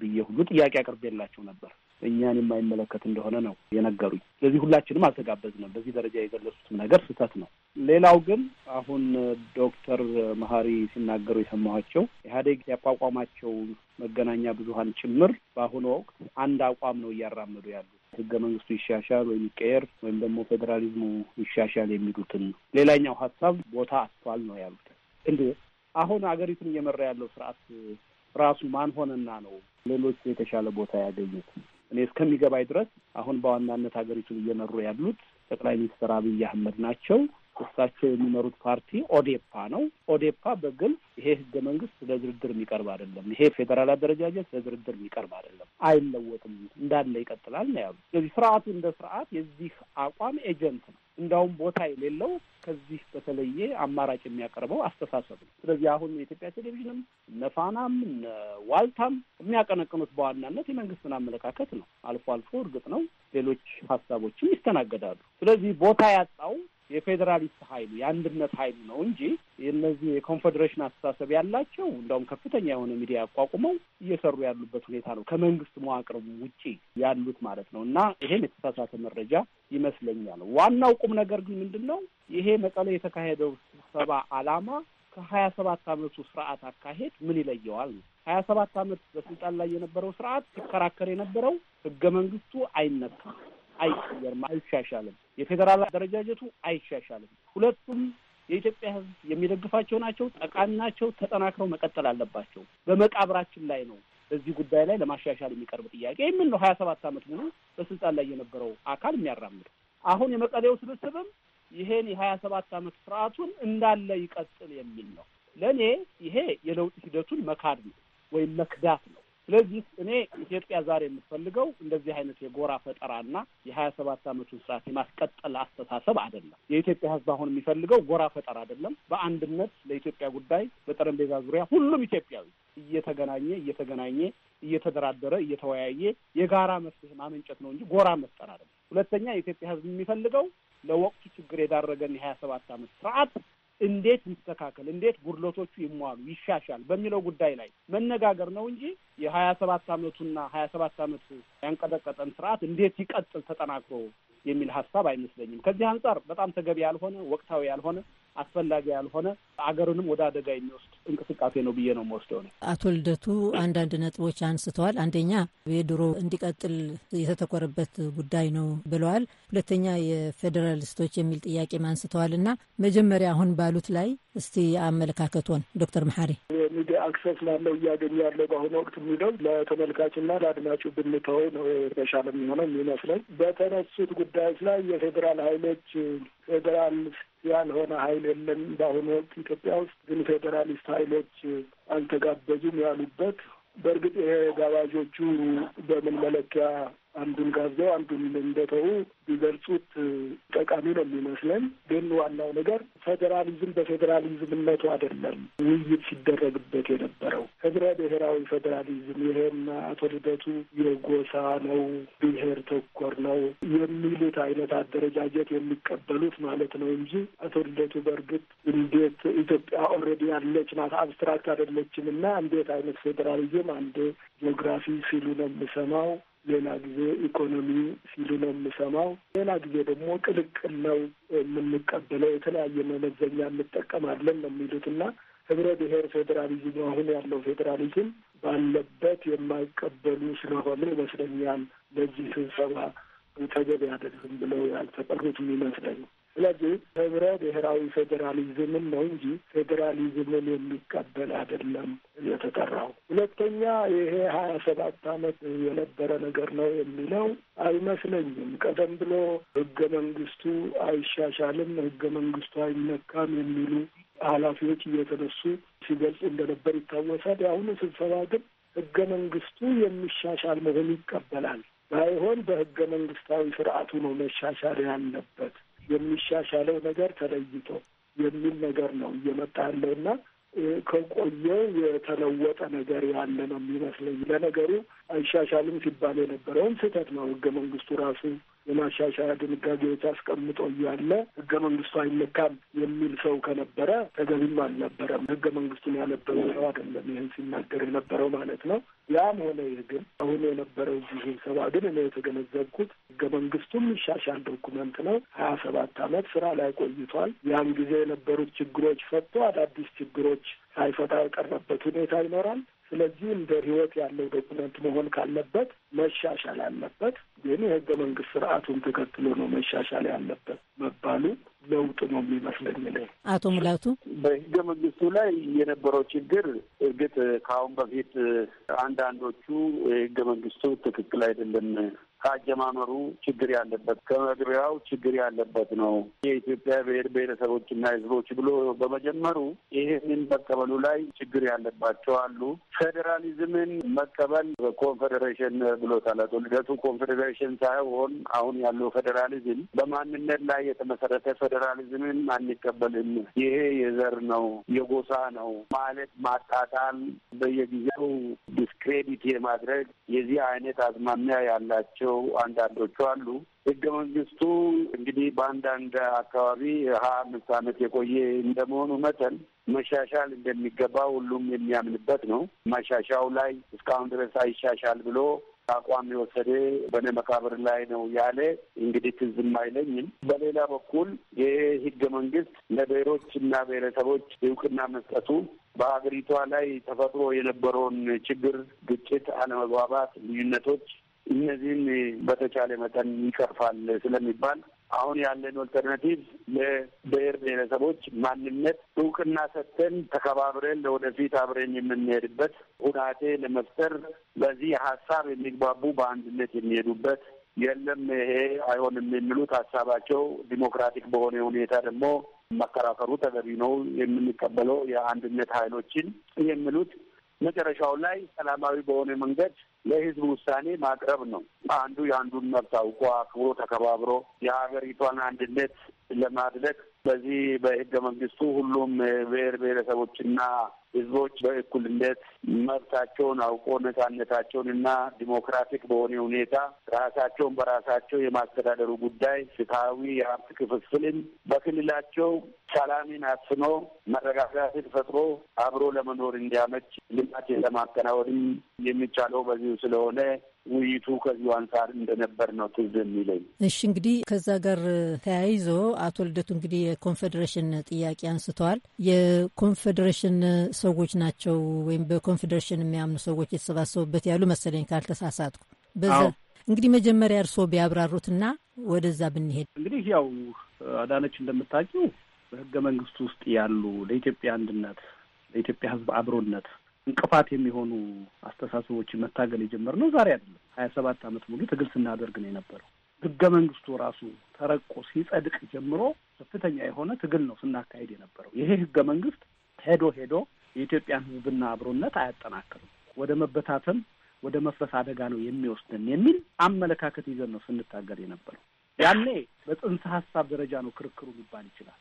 ብዬ ሁሉ ጥያቄ አቅርቤላቸው ነበር። እኛን የማይመለከት እንደሆነ ነው የነገሩኝ። ስለዚህ ሁላችንም አልተጋበዝንም። በዚህ ደረጃ የገለጹትም ነገር ስህተት ነው። ሌላው ግን አሁን ዶክተር መሀሪ ሲናገሩ የሰማኋቸው ኢህአዴግ ያቋቋማቸው መገናኛ ብዙኃን ጭምር በአሁኑ ወቅት አንድ አቋም ነው እያራመዱ ያሉ ህገ መንግስቱ ይሻሻል ወይም ይቀየር ወይም ደግሞ ፌዴራሊዝሙ ይሻሻል የሚሉትን ሌላኛው ሀሳብ ቦታ አጥቷል ነው ያሉት። እንዴ አሁን አገሪቱን እየመራ ያለው ስርዓት ራሱ ማን ሆነና ነው ሌሎች የተሻለ ቦታ ያገኙት? እኔ እስከሚገባኝ ድረስ አሁን በዋናነት ሀገሪቱን እየመሩ ያሉት ጠቅላይ ሚኒስትር አብይ አህመድ ናቸው። እሳቸው የሚመሩት ፓርቲ ኦዴፓ ነው። ኦዴፓ በግልጽ ይሄ ህገ መንግስት ለድርድር የሚቀርብ አይደለም፣ ይሄ ፌዴራል አደረጃጀት ለድርድር የሚቀርብ አይደለም፣ አይለወጥም፣ እንዳለ ይቀጥላል ነው ያሉት። ስለዚህ ስርዓቱ እንደ ስርዓት የዚህ አቋም ኤጀንት ነው። እንዳውም ቦታ የሌለው ከዚህ በተለየ አማራጭ የሚያቀርበው አስተሳሰብ ነው። ስለዚህ አሁን የኢትዮጵያ ቴሌቪዥንም እነ ፋናም እነ ዋልታም የሚያቀነቅኑት በዋናነት የመንግስትን አመለካከት ነው። አልፎ አልፎ እርግጥ ነው ሌሎች ሀሳቦችም ይስተናገዳሉ። ስለዚህ ቦታ ያጣው የፌዴራሊስት ኃይሉ የአንድነት ኃይሉ ነው እንጂ የነዚህ የኮንፌዴሬሽን አስተሳሰብ ያላቸው እንዲያውም ከፍተኛ የሆነ ሚዲያ አቋቁመው እየሰሩ ያሉበት ሁኔታ ነው ከመንግስት መዋቅር ውጪ ያሉት ማለት ነው። እና ይሄን የተሳሳተ መረጃ ይመስለኛል። ዋናው ቁም ነገር ግን ምንድን ነው ይሄ መቀሌ የተካሄደው ስብሰባ ዓላማ ከሀያ ሰባት አመቱ ስርዓት አካሄድ ምን ይለየዋል ነው። ሀያ ሰባት አመት በስልጣን ላይ የነበረው ስርዓት ሲከራከር የነበረው ህገ መንግስቱ አይነካም፣ አይቀየርም፣ አይሻሻልም የፌዴራል አደረጃጀቱ አይሻሻልም። ሁለቱም የኢትዮጵያ ሕዝብ የሚደግፋቸው ናቸው፣ ጠቃሚ ናቸው፣ ተጠናክረው መቀጠል አለባቸው። በመቃብራችን ላይ ነው በዚህ ጉዳይ ላይ ለማሻሻል የሚቀርብ ጥያቄ የሚል ነው። ሀያ ሰባት ዓመት ሙሉ በስልጣን ላይ የነበረው አካል የሚያራምድ አሁን የመቀሌው ስብስብም ይሄን የሀያ ሰባት ዓመት ስርዓቱን እንዳለ ይቀጥል የሚል ነው። ለእኔ ይሄ የለውጥ ሂደቱን መካድ ነው ወይም መክዳት ነው። ስለዚህ እኔ ኢትዮጵያ ዛሬ የምትፈልገው እንደዚህ አይነት የጎራ ፈጠራና የሀያ ሰባት አመቱን ስርዓት የማስቀጠል አስተሳሰብ አይደለም። የኢትዮጵያ ሕዝብ አሁን የሚፈልገው ጎራ ፈጠራ አይደለም። በአንድነት ለኢትዮጵያ ጉዳይ በጠረጴዛ ዙሪያ ሁሉም ኢትዮጵያዊ እየተገናኘ እየተገናኘ እየተደራደረ እየተወያየ የጋራ መፍትሄ ማመንጨት ነው እንጂ ጎራ መፍጠር አይደለም። ሁለተኛ የኢትዮጵያ ሕዝብ የሚፈልገው ለወቅቱ ችግር የዳረገን የሀያ ሰባት አመት ስርዓት እንዴት ይስተካከል፣ እንዴት ጉድለቶቹ ይሟሉ፣ ይሻሻል በሚለው ጉዳይ ላይ መነጋገር ነው እንጂ የሀያ ሰባት አመቱና ሀያ ሰባት አመት ያንቀጠቀጠን ስርዓት እንዴት ይቀጥል ተጠናክሮ የሚል ሀሳብ አይመስለኝም። ከዚህ አንጻር በጣም ተገቢ ያልሆነ ወቅታዊ ያልሆነ አስፈላጊ ያልሆነ አገሩንም ወደ አደጋ የሚወስድ እንቅስቃሴ ነው ብዬ ነው የምወስደው። ነው አቶ ልደቱ አንዳንድ ነጥቦች አንስተዋል። አንደኛ የድሮ እንዲቀጥል የተተኮረበት ጉዳይ ነው ብለዋል። ሁለተኛ የፌዴራሊስቶች የሚል ጥያቄም አንስተዋል እና መጀመሪያ አሁን ባሉት ላይ እስቲ አመለካከቶን ዶክተር መሐሪ የሚዲያ አክሰስ ላለው እያገኘ ያለው በአሁኑ ወቅት የሚለው ለተመልካችና ለአድማጩ ብንተው ነው የተሻለ የሚሆነው የሚመስለኝ። በተነሱት ጉዳዮች ላይ የፌዴራል ኃይሎች ፌዴራል ያልሆነ ሀይል የለም። በአሁኑ ወቅት ኢትዮጵያ ውስጥ ግን ፌዴራሊስት ሀይሎች አልተጋበዙም ያሉበት በእርግጥ ይሄ ጋባዦቹ በምን መለኪያ አንዱን ጋብዘው አንዱን እንደተዉ ቢገልጹት ጠቃሚ ነው የሚመስለን። ግን ዋናው ነገር ፌዴራሊዝም በፌዴራሊዝምነቱ አይደለም ውይይት ሲደረግበት የነበረው ህብረ ብሔራዊ ፌዴራሊዝም ይሄም አቶ ልደቱ የጎሳ ነው፣ ብሔር ተኮር ነው የሚሉት አይነት አደረጃጀት የሚቀበሉት ማለት ነው እንጂ አቶ ልደቱ በእርግጥ እንዴት ኢትዮጵያ ኦልሬዲ ያለች ናት አብስትራክት አይደለችም እና እንዴት አይነት ፌዴራሊዝም አንዴ ጂኦግራፊ ሲሉ ነው የምሰማው ሌላ ጊዜ ኢኮኖሚ ሲሉ ነው የምሰማው። ሌላ ጊዜ ደግሞ ቅልቅል ነው የምንቀበለው፣ የተለያየ መመዘኛ እንጠቀማለን ነው የሚሉት እና ህብረ ብሔር ፌዴራሊዝም አሁን ያለው ፌዴራሊዝም ባለበት የማይቀበሉ ስለሆነ ይመስለኛል ለዚህ ስብሰባ ተገቢ አይደለም ብለው ያልተጠሩት የሚመስለኝ። ስለዚህ ህብረ ብሔራዊ ፌዴራሊዝምን ነው እንጂ ፌዴራሊዝምን የሚቀበል አይደለም የተጠራው። ሁለተኛ ይሄ ሀያ ሰባት አመት የነበረ ነገር ነው የሚለው አይመስለኝም። ቀደም ብሎ ህገ መንግስቱ አይሻሻልም፣ ህገ መንግስቱ አይነካም የሚሉ ኃላፊዎች እየተነሱ ሲገልጽ እንደነበር ይታወሳል። የአሁኑ ስብሰባ ግን ህገ መንግስቱ የሚሻሻል መሆኑ ይቀበላል። ባይሆን በህገ መንግስታዊ ስርዓቱ ነው መሻሻል ያለበት የሚሻሻለው ነገር ተለይቶ የሚል ነገር ነው እየመጣ ያለው እና ከቆየ የተለወጠ ነገር ያለ ነው የሚመስለኝ። ለነገሩ አይሻሻልም ሲባል የነበረውም ስህተት ነው። ህገ መንግስቱ ራሱ የማሻሻያ ድንጋጌዎች አስቀምጦ እያለ ህገ መንግስቱ አይነካም የሚል ሰው ከነበረ ተገቢም አልነበረም። ህገ መንግስቱን ያነበበ ሰው አይደለም ይህን ሲናገር የነበረው ማለት ነው። ያም ሆነ ይህ ግን አሁን የነበረው ጊዜ ሰባ ግን እኔ የተገነዘብኩት ህገ መንግስቱም ይሻሻል ዶኩመንት ነው። ሀያ ሰባት አመት ስራ ላይ ቆይቷል። ያን ጊዜ የነበሩት ችግሮች ፈቶ አዳዲስ ችግሮች ሳይፈታ የቀረበት ሁኔታ ይኖራል። ስለዚህ እንደ ህይወት ያለው ዶኩመንት መሆን ካለበት መሻሻል አለበት። ግን የህገ መንግስት ስርዓቱን ተከትሎ ነው መሻሻል ያለበት መባሉ ለውጥ ነው የሚመስለኝ። ላይ አቶ ሙላቱ በህገ መንግስቱ ላይ የነበረው ችግር እርግጥ ከአሁን በፊት አንዳንዶቹ የህገ መንግስቱ ትክክል አይደለም ከአጀማመሩ ችግር ያለበት ከመግቢያው ችግር ያለበት ነው የኢትዮጵያ ብሔር ብሔረሰቦችና ሕዝቦች ብሎ በመጀመሩ ይህንን መቀበሉ ላይ ችግር ያለባቸው አሉ። ፌዴራሊዝምን መቀበል ኮንፌዴሬሽን ብሎታል አቶ ልደቱ። ኮንፌዴሬሽን ሳይሆን አሁን ያለው ፌዴራሊዝም በማንነት ላይ የተመሰረተ ፌዴራሊዝምን አንቀበልም። ይሄ የዘር ነው የጎሳ ነው ማለት ማጣጣል፣ በየጊዜው ዲስክሬዲት የማድረግ የዚህ አይነት አዝማሚያ ያላቸው ያላቸው አንዳንዶቹ አሉ። ህገ መንግስቱ እንግዲህ በአንዳንድ አካባቢ ሀ አምስት ዓመት የቆየ እንደመሆኑ መጠን መሻሻል እንደሚገባ ሁሉም የሚያምንበት ነው። መሻሻው ላይ እስካሁን ድረስ አይሻሻል ብሎ አቋም የወሰደ በነ መቃብር ላይ ነው ያለ እንግዲህ ትዝም አይለኝም። በሌላ በኩል ይሄ ህገ መንግስት ለብሔሮች እና ብሔረሰቦች እውቅና መስጠቱ በሀገሪቷ ላይ ተፈጥሮ የነበረውን ችግር፣ ግጭት፣ አለመግባባት፣ ልዩነቶች እነዚህም በተቻለ መጠን ይቀርፋል ስለሚባል አሁን ያለን ኦልተርናቲቭ ለብሔር ብሔረሰቦች ማንነት እውቅና ሰጥተን ተከባብረን ለወደፊት አብረን የምንሄድበት ሁናቴ ለመፍጠር በዚህ ሀሳብ የሚግባቡ በአንድነት የሚሄዱበት የለም ይሄ አይሆንም የሚሉት ሀሳባቸው ዲሞክራቲክ በሆነ ሁኔታ ደግሞ መከራከሩ ተገቢ ነው የምንቀበለው የአንድነት ኃይሎችን የሚሉት መጨረሻው ላይ ሰላማዊ በሆነ መንገድ ለህዝብ ውሳኔ ማቅረብ ነው። አንዱ የአንዱን መብት አውቆ አክብሮ ተከባብሮ የሀገሪቷን አንድነት ለማድረግ በዚህ በህገ መንግስቱ ሁሉም ብሔር ብሔረሰቦችና ህዝቦች በእኩልነት መብታቸውን አውቆ ነጻነታቸውን እና ዲሞክራቲክ በሆነ ሁኔታ ራሳቸውን በራሳቸው የማስተዳደሩ ጉዳይ ፍትሐዊ የሀብት ክፍፍልን በክልላቸው ሰላምን አስኖ መረጋጋትን ፈጥሮ አብሮ ለመኖር እንዲያመች ልማት ለማከናወንም የሚቻለው በዚሁ ስለሆነ ውይይቱ ከዚሁ አንጻር እንደነበር ነው ትዝ የሚለኝ። እሺ እንግዲህ ከዛ ጋር ተያይዞ አቶ ልደቱ እንግዲህ የኮንፌዴሬሽን ጥያቄ አንስተዋል። የኮንፌዴሬሽን ሰዎች ናቸው ወይም በኮንፌዴሬሽን የሚያምኑ ሰዎች የተሰባሰቡበት ያሉ መሰለኝ ካልተሳሳትኩ። በዛ እንግዲህ መጀመሪያ እርስዎ ቢያብራሩትና ወደዛ ብንሄድ እንግዲህ ያው አዳነች እንደምታውቂው በህገ መንግስቱ ውስጥ ያሉ ለኢትዮጵያ አንድነት ለኢትዮጵያ ህዝብ አብሮነት እንቅፋት የሚሆኑ አስተሳሰቦችን መታገል የጀመርነው ዛሬ አይደለም። ሀያ ሰባት ዓመት ሙሉ ትግል ስናደርግ ነው የነበረው። ህገ መንግስቱ ራሱ ተረቆ ሲጸድቅ ጀምሮ ከፍተኛ የሆነ ትግል ነው ስናካሄድ የነበረው። ይሄ ህገ መንግስት ሄዶ ሄዶ የኢትዮጵያን ህዝብና አብሮነት አያጠናክርም፣ ወደ መበታተን፣ ወደ መፍረስ አደጋ ነው የሚወስድን የሚል አመለካከት ይዘን ነው ስንታገል የነበረው። ያኔ በጽንሰ ሀሳብ ደረጃ ነው ክርክሩ ሊባል ይችላል።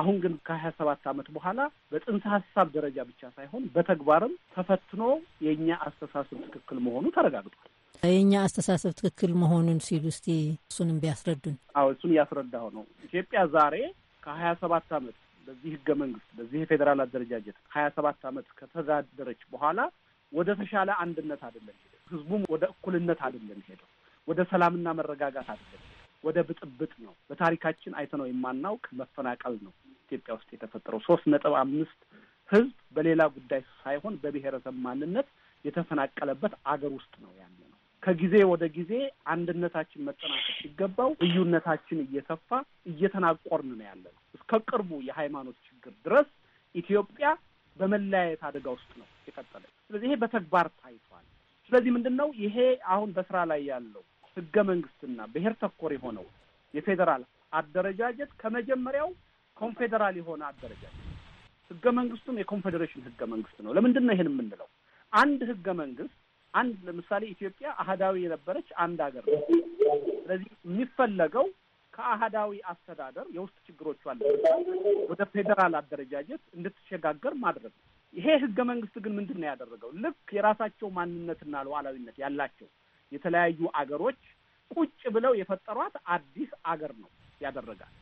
አሁን ግን ከሀያ ሰባት ዓመት በኋላ በጽንሰ ሀሳብ ደረጃ ብቻ ሳይሆን በተግባርም ተፈትኖ የእኛ አስተሳሰብ ትክክል መሆኑ ተረጋግጧል። የእኛ አስተሳሰብ ትክክል መሆኑን ሲሉ እስቲ እሱንም ቢያስረዱን። አዎ እሱን እያስረዳሁ ነው። ኢትዮጵያ ዛሬ ከሀያ ሰባት ዓመት በዚህ ህገ መንግስት በዚህ የፌዴራል አደረጃጀት ሀያ ሰባት ዓመት ከተዳደረች በኋላ ወደ ተሻለ አንድነት አይደለም ሄደው፣ ህዝቡም ወደ እኩልነት አይደለም ሄደው፣ ወደ ሰላምና መረጋጋት አይደለም ወደ ብጥብጥ ነው። በታሪካችን አይተነው የማናውቅ መፈናቀል ነው ኢትዮጵያ ውስጥ የተፈጠረው። ሶስት ነጥብ አምስት ህዝብ በሌላ ጉዳይ ሳይሆን በብሔረሰብ ማንነት የተፈናቀለበት አገር ውስጥ ነው ያለ ነው። ከጊዜ ወደ ጊዜ አንድነታችን መጠናከር ሲገባው ልዩነታችን እየሰፋ እየተናቆርን ነው ያለ ነው። እስከ ቅርቡ የሃይማኖት ችግር ድረስ ኢትዮጵያ በመለያየት አደጋ ውስጥ ነው የቀጠለች። ስለዚህ ይሄ በተግባር ታይቷል። ስለዚህ ምንድን ነው ይሄ አሁን በስራ ላይ ያለው ህገ መንግስትና ብሔር ተኮር የሆነው የፌዴራል አደረጃጀት ከመጀመሪያው ኮንፌዴራል የሆነ አደረጃጀት ህገ መንግስቱም የኮንፌዴሬሽን ህገ መንግስት ነው። ለምንድን ነው ይሄን የምንለው? አንድ ህገ መንግስት አንድ ለምሳሌ ኢትዮጵያ አህዳዊ የነበረች አንድ ሀገር ነው። ስለዚህ የሚፈለገው ከአህዳዊ አስተዳደር የውስጥ ችግሮቹ አለ ወደ ፌዴራል አደረጃጀት እንድትሸጋገር ማድረግ ነው። ይሄ ህገ መንግስት ግን ምንድን ነው ያደረገው? ልክ የራሳቸው ማንነትና ሉዓላዊነት ያላቸው የተለያዩ አገሮች ቁጭ ብለው የፈጠሯት አዲስ አገር ነው ያደረጋል።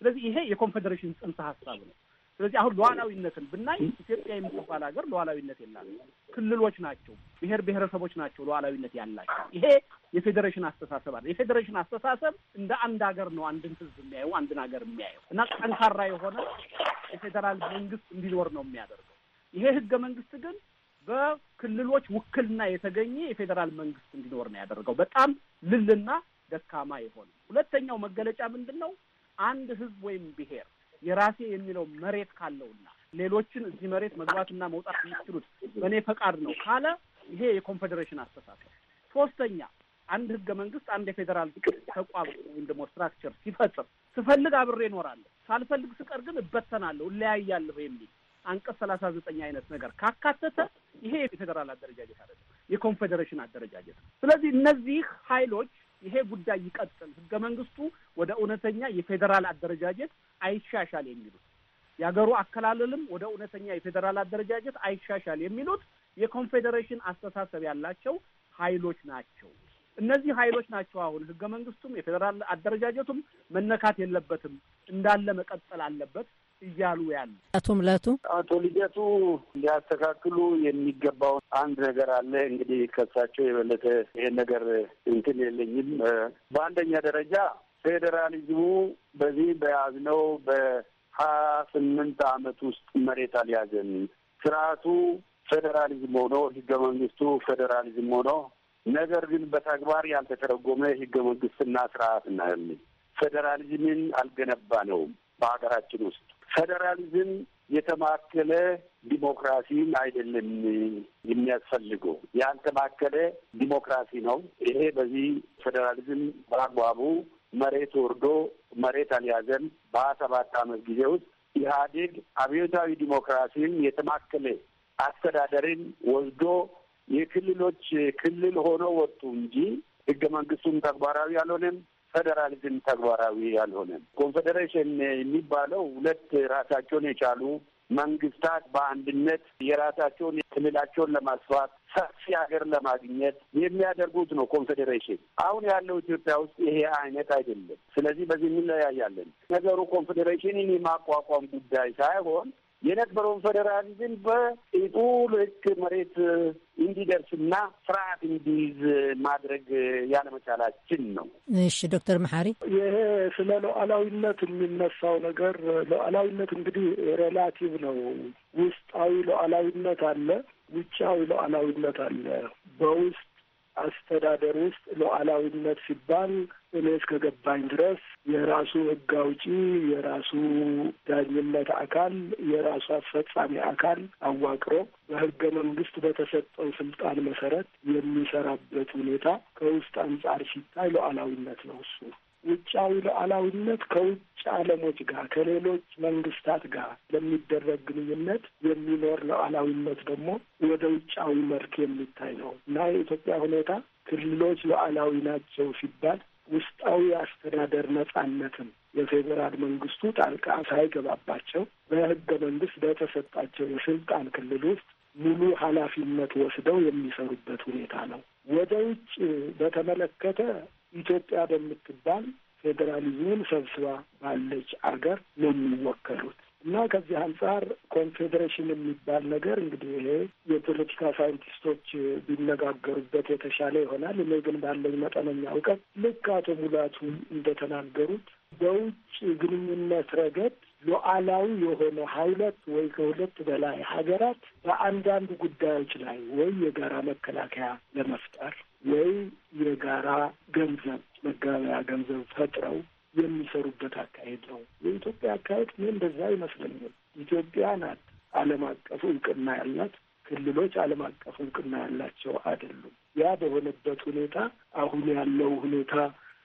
ስለዚህ ይሄ የኮንፌዴሬሽን ጽንሰ ሀሳብ ነው። ስለዚህ አሁን ሉዓላዊነትን ብናይ ኢትዮጵያ የምትባል ሀገር ሉዓላዊነት የላትም። ክልሎች ናቸው፣ ብሔር ብሔረሰቦች ናቸው ሉዓላዊነት ያላቸው። ይሄ የፌዴሬሽን አስተሳሰብ አለ። የፌዴሬሽን አስተሳሰብ እንደ አንድ ሀገር ነው አንድን ህዝብ የሚያየው አንድን ሀገር የሚያየው እና ጠንካራ የሆነ የፌዴራል መንግስት እንዲኖር ነው የሚያደርገው። ይሄ ህገ መንግስት ግን በክልሎች ውክልና የተገኘ የፌዴራል መንግስት እንዲኖር ነው ያደረገው። በጣም ልልና ደካማ የሆነ ሁለተኛው መገለጫ ምንድን ነው? አንድ ህዝብ ወይም ብሔር የራሴ የሚለው መሬት ካለውና ሌሎችን እዚህ መሬት መግባትና መውጣት የሚችሉት በእኔ ፈቃድ ነው ካለ ይሄ የኮንፌዴሬሽን አስተሳሰብ። ሶስተኛ አንድ ህገ መንግስት አንድ የፌዴራል ተቋም ወይም ደግሞ ስትራክቸር ሲፈጥር ስፈልግ አብሬ እኖራለሁ፣ ሳልፈልግ ስቀር ግን እበተናለሁ፣ እለያያለሁ የሚል አንቀጽ ሰላሳ ዘጠኝ አይነት ነገር ካካተተ ይሄ የፌዴራል አደረጃጀት አይደለም፣ የኮንፌዴሬሽን አደረጃጀት ነው። ስለዚህ እነዚህ ኃይሎች ይሄ ጉዳይ ይቀጥል፣ ህገ መንግስቱ ወደ እውነተኛ የፌዴራል አደረጃጀት አይሻሻል የሚሉት የሀገሩ አከላለልም ወደ እውነተኛ የፌዴራል አደረጃጀት አይሻሻል የሚሉት የኮንፌዴሬሽን አስተሳሰብ ያላቸው ኃይሎች ናቸው። እነዚህ ኃይሎች ናቸው አሁን ህገ መንግስቱም የፌዴራል አደረጃጀቱም መነካት የለበትም እንዳለ መቀጠል አለበት እያሉ ያሉ አቶ ምላቱ አቶ ልደቱ ሊያስተካክሉ የሚገባውን አንድ ነገር አለ። እንግዲህ ከሳቸው የበለጠ ይሄን ነገር እንትን የለኝም። በአንደኛ ደረጃ ፌዴራሊዝሙ በዚህ በያዝነው በሀያ ስምንት አመት ውስጥ መሬት አልያዘም። ስርዓቱ ፌዴራሊዝም ሆኖ ህገ መንግስቱ ፌዴራሊዝም ሆኖ ነገር ግን በተግባር ያልተተረጎመ ህገ መንግስትና ስርዓት ነው። ፌዴራሊዝምን አልገነባ ነውም በሀገራችን ውስጥ ፌዴራሊዝም የተማከለ ዲሞክራሲን አይደለም የሚያስፈልገው፣ ያልተማከለ ዲሞክራሲ ነው። ይሄ በዚህ ፌዴራሊዝም በአግባቡ መሬት ወርዶ መሬት አልያዘም። በሀያ ሰባት አመት ጊዜ ውስጥ ኢህአዴግ አብዮታዊ ዲሞክራሲን የተማከለ አስተዳደርን ወስዶ የክልሎች ክልል ሆኖ ወጡ እንጂ ህገ መንግስቱም ተግባራዊ አልሆነም። ፌዴራሊዝም ተግባራዊ ያልሆነ ኮንፌዴሬሽን የሚባለው ሁለት ራሳቸውን የቻሉ መንግስታት በአንድነት የራሳቸውን ክልላቸውን ለማስፋት ሰፊ ሀገር ለማግኘት የሚያደርጉት ነው ኮንፌዴሬሽን። አሁን ያለው ኢትዮጵያ ውስጥ ይሄ አይነት አይደለም። ስለዚህ በዚህ እንለያያለን። ነገሩ ኮንፌዴሬሽንን የማቋቋም ጉዳይ ሳይሆን የነበረውን ፌዴራሊዝም በኢጡ ልክ መሬት እንዲደርስና ስርዓት እንዲይዝ ማድረግ ያለመቻላችን ነው። እሺ ዶክተር መሐሪ ይሄ ስለ ሉዓላዊነት የሚነሳው ነገር ሉዓላዊነት እንግዲህ ሬላቲቭ ነው። ውስጣዊ ሉዓላዊነት አለ፣ ውጫዊ ሉዓላዊነት አለ። በውስጥ አስተዳደር ውስጥ ሉዓላዊነት ሲባል እኔ እስከገባኝ ድረስ የራሱ ሕግ አውጪ፣ የራሱ ዳኝነት አካል፣ የራሱ አስፈጻሚ አካል አዋቅሮ በሕገ መንግስት በተሰጠው ስልጣን መሰረት የሚሰራበት ሁኔታ ከውስጥ አንጻር ሲታይ ሉዓላዊነት ነው እሱ ውጫዊ ሉዓላዊነት ከውጭ ዓለሞች ጋር ከሌሎች መንግስታት ጋር ለሚደረግ ግንኙነት የሚኖር ሉዓላዊነት ደግሞ ወደ ውጫዊ መልክ የሚታይ ነው እና የኢትዮጵያ ሁኔታ ክልሎች ሉዓላዊ ናቸው ሲባል ውስጣዊ አስተዳደር ነጻነትም የፌዴራል መንግስቱ ጣልቃ ሳይገባባቸው በህገ መንግስት በተሰጣቸው የስልጣን ክልል ውስጥ ሙሉ ኃላፊነት ወስደው የሚሰሩበት ሁኔታ ነው። ወደ ውጭ በተመለከተ ኢትዮጵያ በምትባል ፌዴራሊዝምን ሰብስባ ባለች አገር የሚወከሉት እና ከዚህ አንጻር ኮንፌዴሬሽን የሚባል ነገር እንግዲህ ይሄ የፖለቲካ ሳይንቲስቶች ቢነጋገሩበት የተሻለ ይሆናል። እኔ ግን ባለኝ መጠነኛ እውቀት ልክ አቶ ሙላቱ እንደተናገሩት በውጭ ግንኙነት ረገድ ሉዓላዊ የሆነ ሀይለት ወይ ከሁለት በላይ ሀገራት በአንዳንድ ጉዳዮች ላይ ወይ የጋራ መከላከያ ለመፍጠር ወይ የጋራ ገንዘብ መገበያያ ገንዘብ ፈጥረው የሚሰሩበት አካሄድ ነው። የኢትዮጵያ አካሄድ ምን እንደዛ አይመስለኝም። ኢትዮጵያ ናት ዓለም አቀፍ እውቅና ያላት ክልሎች ዓለም አቀፍ እውቅና ያላቸው አይደሉም። ያ በሆነበት ሁኔታ አሁን ያለው ሁኔታ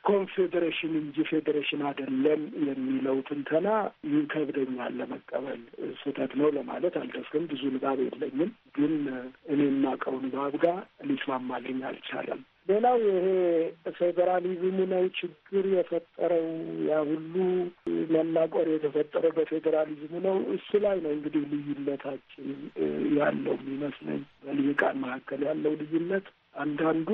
ኮንፌዴሬሽን እንጂ ፌዴሬሽን አይደለም የሚለው ትንተና ይከብደኛል ለመቀበል። ስህተት ነው ለማለት አልደፍርም። ብዙ ንባብ የለኝም፣ ግን እኔ የማውቀው ንባብ ጋር ሊስማማልኝ አልቻለም። ሌላው ይሄ ፌዴራሊዝሙ ነው ችግር የፈጠረው ያ ሁሉ መናቆር የተፈጠረው በፌዴራሊዝሙ ነው። እሱ ላይ ነው እንግዲህ ልዩነታችን ያለው የሚመስለኝ በልሂቃን መካከል ያለው ልዩነት አንዳንዱ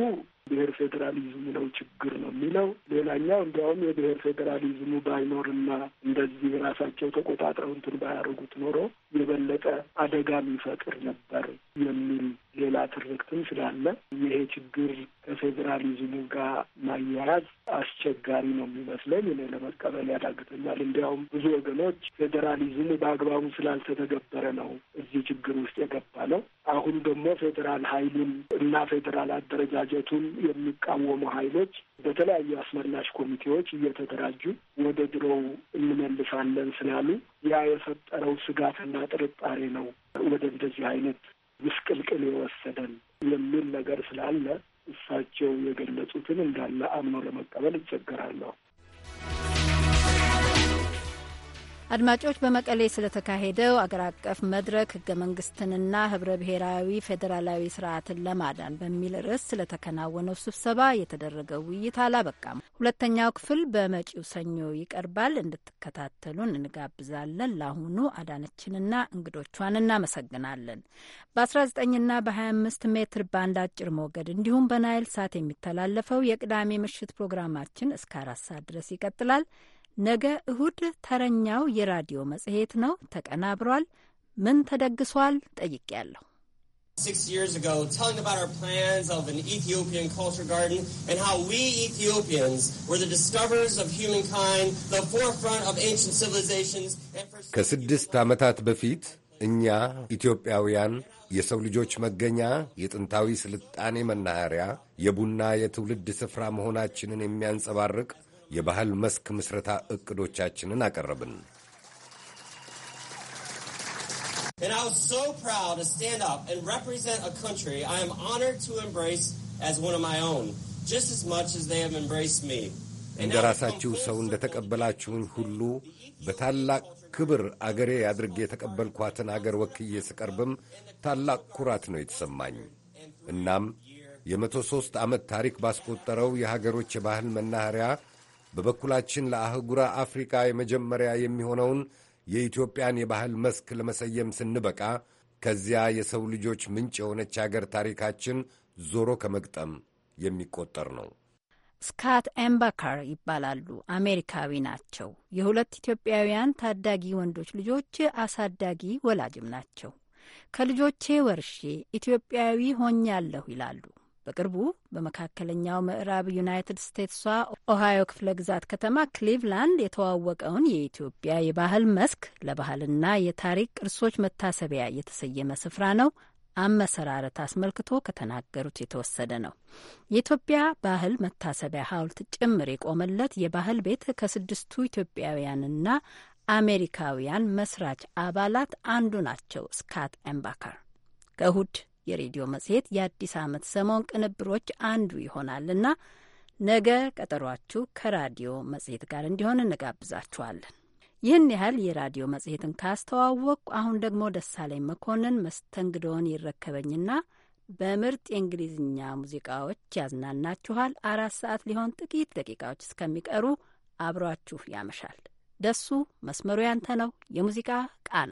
ብሔር ፌዴራሊዝም ነው ችግር ነው የሚለው። ሌላኛው እንዲያውም የብሔር ፌዴራሊዝሙ ባይኖርና እንደዚህ ራሳቸው ተቆጣጥረው እንትን ባያደርጉት ኖሮ የበለጠ አደጋ የሚፈጥር ነበር የሚል ሌላ ትርክትም ስላለ ይሄ ችግር ከፌዴራሊዝሙ ጋር ማያያዝ አስቸጋሪ ነው የሚመስለኝ። እኔ ለመቀበል ያዳግተኛል። እንዲያውም ብዙ ወገኖች ፌዴራሊዝሙ በአግባቡ ስላልተተገበረ ነው እዚህ ችግር ውስጥ የገባ ነው። አሁን ደግሞ ፌዴራል ኃይሉን እና ፌዴራል አደረጃጀቱን የሚቃወሙ ሀይሎች በተለያዩ አስመላሽ ኮሚቴዎች እየተደራጁ ወደ ድሮው እንመልሳለን ስላሉ ያ የፈጠረው ስጋትና ጥርጣሬ ነው ወደ እንደዚህ አይነት ምስቅልቅል የወሰደን የሚል ነገር ስላለ እሳቸው የገለጹትን እንዳለ አምኖ ለመቀበል እቸገራለሁ። አድማጮች በመቀሌ ስለተካሄደው አገር አቀፍ መድረክ ህገ መንግስትንና ህብረ ብሔራዊ ፌዴራላዊ ስርዓትን ለማዳን በሚል ርዕስ ስለተከናወነው ስብሰባ የተደረገው ውይይት አላበቃም። ሁለተኛው ክፍል በመጪው ሰኞ ይቀርባል። እንድትከታተሉን እንጋብዛለን። ለአሁኑ አዳነችንና እንግዶቿን እናመሰግናለን። በ19ና በ25 ሜትር ባንድ አጭር ሞገድ እንዲሁም በናይል ሳት የሚተላለፈው የቅዳሜ ምሽት ፕሮግራማችን እስከ አራት ሰዓት ድረስ ይቀጥላል። ነገ እሁድ ተረኛው የራዲዮ መጽሔት ነው። ተቀናብሯል። ምን ተደግሷል? ጠይቄያለሁ። Six years ago, telling about our plans of an Ethiopian culture garden and how we Ethiopians were the discoverers of humankind, the forefront of ancient civilizations. ከስድስት ዓመታት በፊት እኛ ኢትዮጵያውያን የሰው ልጆች መገኛ፣ የጥንታዊ ስልጣኔ መናኸሪያ፣ የቡና የትውልድ ስፍራ መሆናችንን የሚያንጸባርቅ የባህል መስክ ምስረታ እቅዶቻችንን አቀረብን። እንደ ራሳችሁ ሰው እንደ ተቀበላችሁኝ ሁሉ e በታላቅ ክብር አገሬ አድርጌ የተቀበልኳትን አገር ወክዬ ስቀርብም ታላቅ ኩራት ነው የተሰማኝ። እናም የመቶ ሦስት ዓመት ታሪክ ባስቆጠረው የሀገሮች የባህል መናኸሪያ በበኩላችን ለአህጉረ አፍሪካ የመጀመሪያ የሚሆነውን የኢትዮጵያን የባህል መስክ ለመሰየም ስንበቃ ከዚያ የሰው ልጆች ምንጭ የሆነች አገር ታሪካችን ዞሮ ከመግጠም የሚቆጠር ነው። ስካት ኤምባካር ይባላሉ። አሜሪካዊ ናቸው። የሁለት ኢትዮጵያውያን ታዳጊ ወንዶች ልጆች አሳዳጊ ወላጅም ናቸው። ከልጆቼ ወርሼ ኢትዮጵያዊ ሆኛለሁ ይላሉ። በቅርቡ በመካከለኛው ምዕራብ ዩናይትድ ስቴትሷ ኦሃዮ ክፍለ ግዛት ከተማ ክሊቭላንድ የተዋወቀውን የኢትዮጵያ የባህል መስክ ለባህልና የታሪክ ቅርሶች መታሰቢያ የተሰየመ ስፍራ ነው አመሰራረት አስመልክቶ ከተናገሩት የተወሰደ ነው። የኢትዮጵያ ባህል መታሰቢያ ሐውልት ጭምር የቆመለት የባህል ቤት ከስድስቱ ኢትዮጵያውያንና አሜሪካውያን መስራች አባላት አንዱ ናቸው ስካት ኤምባከር። ከእሁድ የሬዲዮ መጽሔት የአዲስ ዓመት ሰሞን ቅንብሮች አንዱ ይሆናልና ነገ ቀጠሯችሁ ከራዲዮ መጽሔት ጋር እንዲሆን እንጋብዛችኋለን። ይህን ያህል የራዲዮ መጽሔትን ካስተዋወቅኩ አሁን ደግሞ ደሳለኝ መኮንን መስተንግዶውን ይረከበኝና በምርጥ የእንግሊዝኛ ሙዚቃዎች ያዝናናችኋል። አራት ሰዓት ሊሆን ጥቂት ደቂቃዎች እስከሚቀሩ አብሯችሁ ያመሻል። ደሱ መስመሩ ያንተ ነው። የሙዚቃ ቃና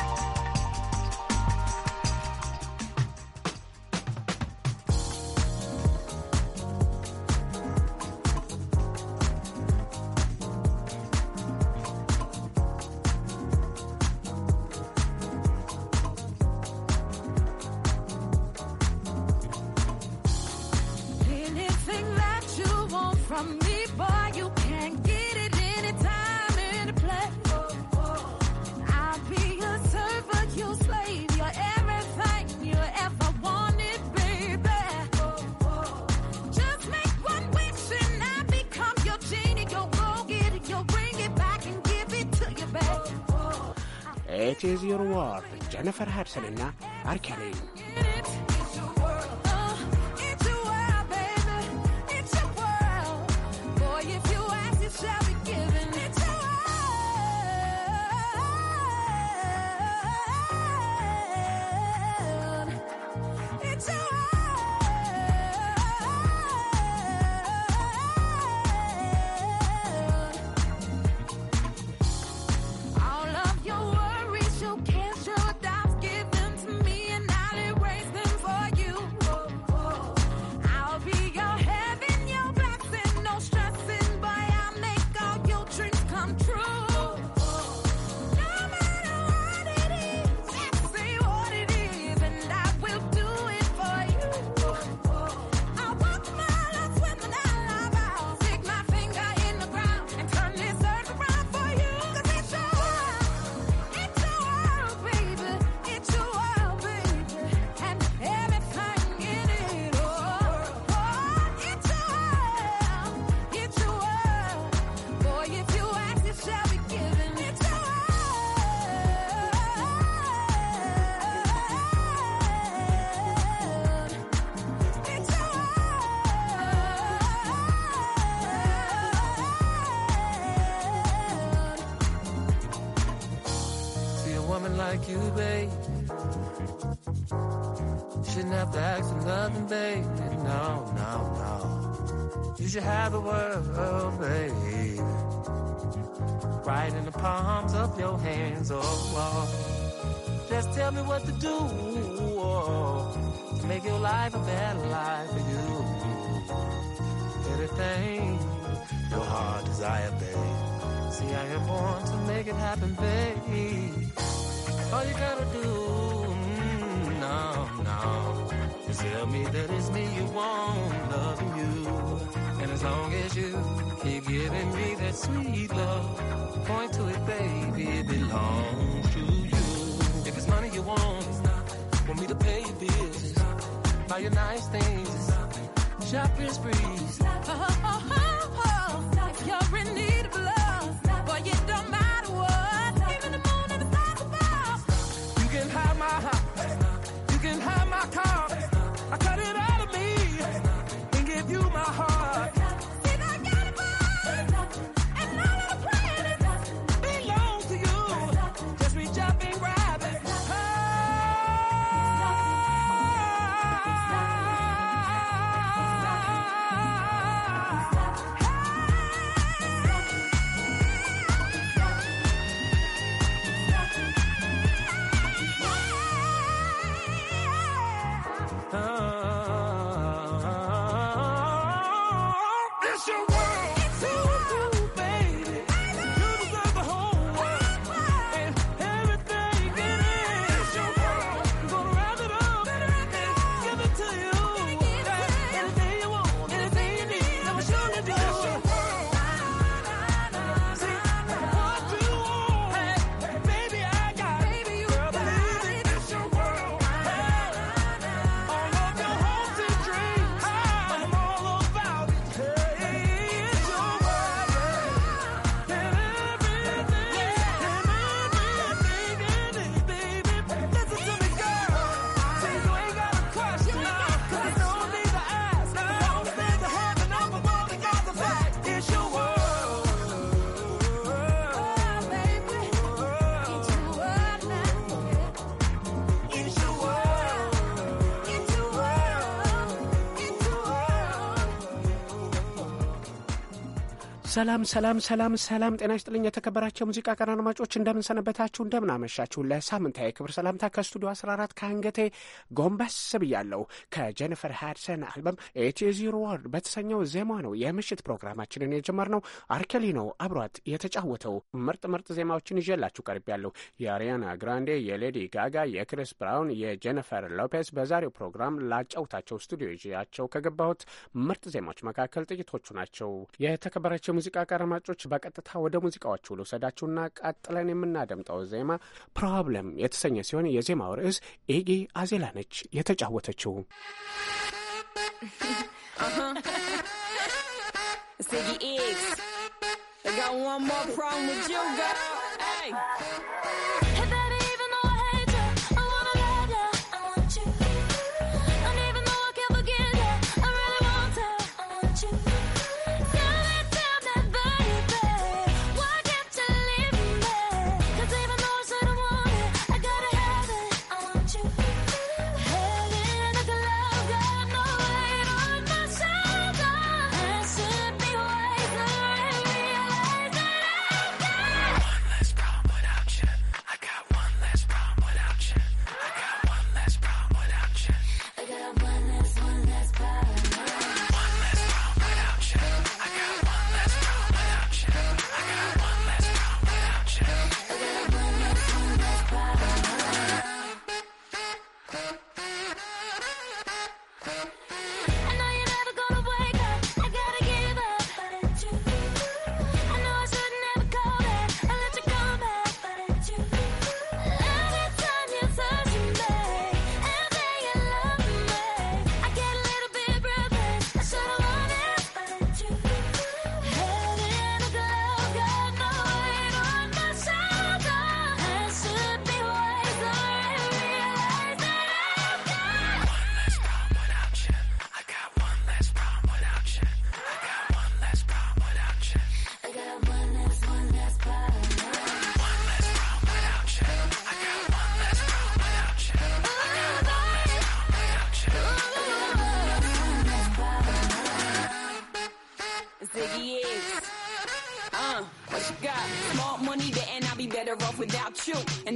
ኤቲ ዜሮ ዋር ጀነፈር ሃድሰንና አርካሌ like you, babe. Shouldn't have to ask for nothing, babe. No, no, no. You should have the world, babe. Right in the palms of your hands, oh, oh. Just tell me what to do, oh, to make your life a better life for you. Anything your heart desire, babe. See, I am born to make it happen, babe. All you gotta do now, now is tell me that it's me you want, loving you. And as long as you keep giving me that sweet love, point to it, baby, it belongs to you. If it's money you want, it's not. Want me to pay your bills, it's not. Buy your nice things, it's not. Shopping sprees, ሰላም ሰላም ሰላም ሰላም፣ ጤና ይስጥልኝ የተከበራቸው የሙዚቃ ቀን አድማጮች፣ እንደምን ሰነበታችሁ? እንደምን አመሻችሁ? ለሳምንታዊ ክብር ሰላምታ ከስቱዲዮ 14 ከአንገቴ ጎንበስ ብያለሁ። ከጀኒፈር ሃድሰን አልበም ኤቲዚሮ ወርድ በተሰኘው ዜማ ነው የምሽት ፕሮግራማችንን የጀመርነው። አርኬሊ ነው አብሯት የተጫወተው። ምርጥ ምርጥ ዜማዎችን ይዤላችሁ ቀርቤያለሁ። የአሪያና ግራንዴ፣ የሌዲ ጋጋ፣ የክሪስ ብራውን፣ የጀኒፈር ሎፔዝ በዛሬው ፕሮግራም ላጫውታቸው ስቱዲዮ ይዤያቸው ከገባሁት ምርጥ ዜማዎች መካከል ጥቂቶቹ ናቸው። የተከበራቸው የሙዚቃ ቀረማጮች በቀጥታ ወደ ሙዚቃዎቹ ልውሰዳችሁና ቀጥለን የምናደምጠው ዜማ ፕሮብለም የተሰኘ ሲሆን የዜማው ርዕስ ኤጌ አዜላ ነች የተጫወተችው። I got one more problem with you, girl. Hey.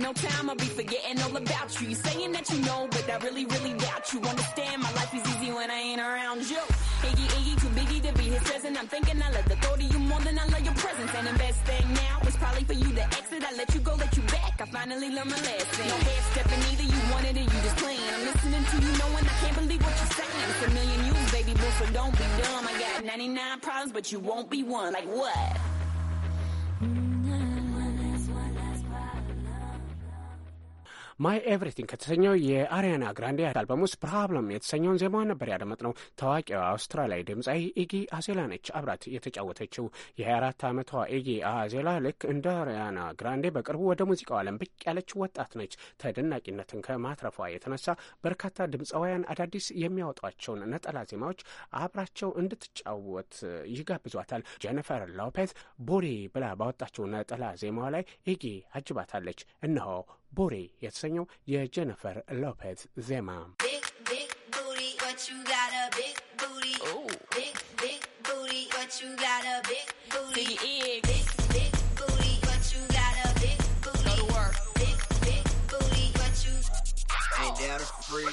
no time, I'll be forgetting all about you. You saying that you know, but I really, really doubt you. Understand, my life is easy when I ain't around you. Iggy, Iggy, too biggie to be his present. I'm thinking I love the thought of you more than I love your presence. And the best thing now is probably for you to exit. I let you go, let you back. I finally learned my lesson. No half stepping either, you wanted it, you just playing. I'm listening to you knowing I can't believe what you're saying. It's a million you, baby boo, so don't be dumb. I got 99 problems, but you won't be one. Like what? ማይ ኤቭሪቲንግ ከተሰኘው የአሪያና ግራንዴ አልበም ውስጥ ፕሮብለም የተሰኘውን ዜማ ነበር ያደመጥነው። ታዋቂዋ አውስትራሊያዊ ድምፃዊ ኢጊ አዜላ ነች አብራት የተጫወተችው። የ24 ዓመቷ ኢጊ አዜላ ልክ እንደ አሪያና ግራንዴ በቅርቡ ወደ ሙዚቃው ዓለም ብቅ ያለች ወጣት ነች። ተደናቂነትን ከማትረፏ የተነሳ በርካታ ድምፃውያን አዳዲስ የሚያወጧቸውን ነጠላ ዜማዎች አብራቸው እንድትጫወት ይጋብዟታል። ጀኒፈር ሎፔዝ ቦዲ ብላ ባወጣቸው ነጠላ ዜማዋ ላይ ኢጊ አጅባታለች። እነሆ ቡሪ የተሰኘው የጄኒፈር ሎፔዝ ዜማ Free.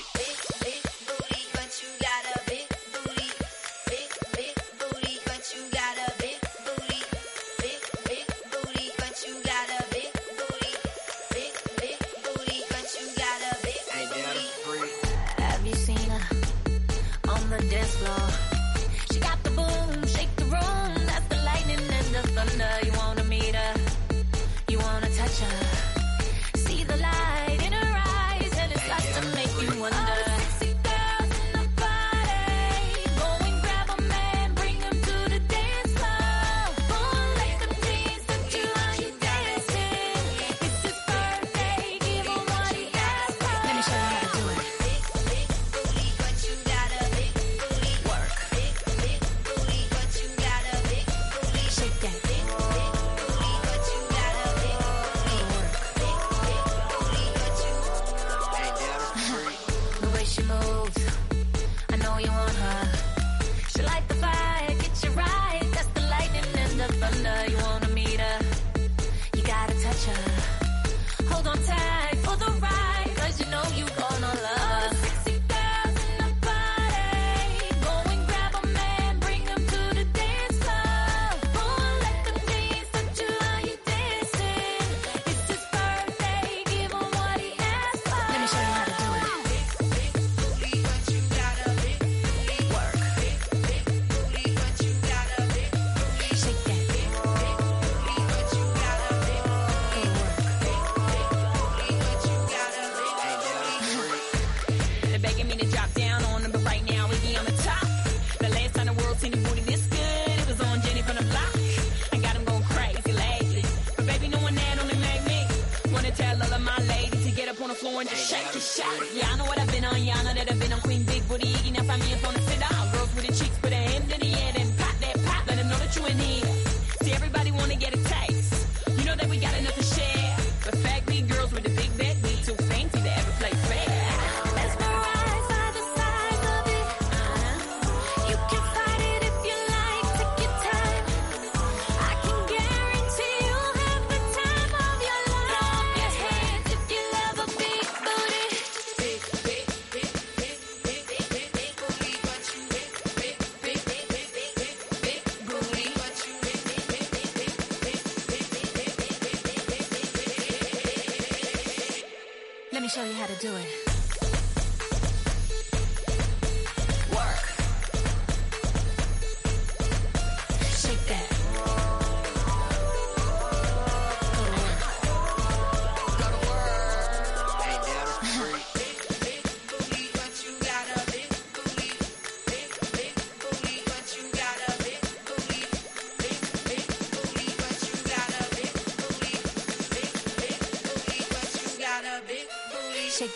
How to do it.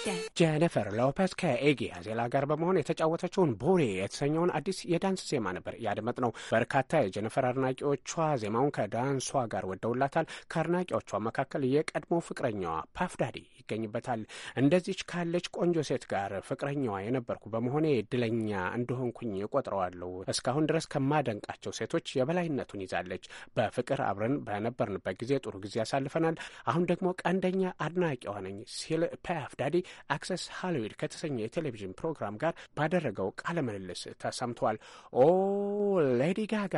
that. ጀነፈር ሎፐስ ከኤጌ አዜላ ጋር በመሆን የተጫወተችውን ቦሬ የተሰኘውን አዲስ የዳንስ ዜማ ነበር ያደመጥ ነው። በርካታ የጀነፈር አድናቂዎቿ ዜማውን ከዳንሷ ጋር ወደውላታል። ከአድናቂዎቿ መካከል የቀድሞ ፍቅረኛዋ ፓፍዳዲ ይገኝበታል። እንደዚች ካለች ቆንጆ ሴት ጋር ፍቅረኛዋ የነበርኩ በመሆኔ እድለኛ እንደሆንኩኝ እቆጥረዋለሁ። እስካሁን ድረስ ከማደንቃቸው ሴቶች የበላይነቱን ይዛለች። በፍቅር አብረን በነበርንበት ጊዜ ጥሩ ጊዜ ያሳልፈናል። አሁን ደግሞ ቀንደኛ አድናቂዋ ነኝ ሲል ፓፍዳዲ አክሰስ ሃሊዊድ ከተሰኘ የቴሌቪዥን ፕሮግራም ጋር ባደረገው ቃለ ምልልስ ተሰምቷል። ኦ ሌዲ ጋጋ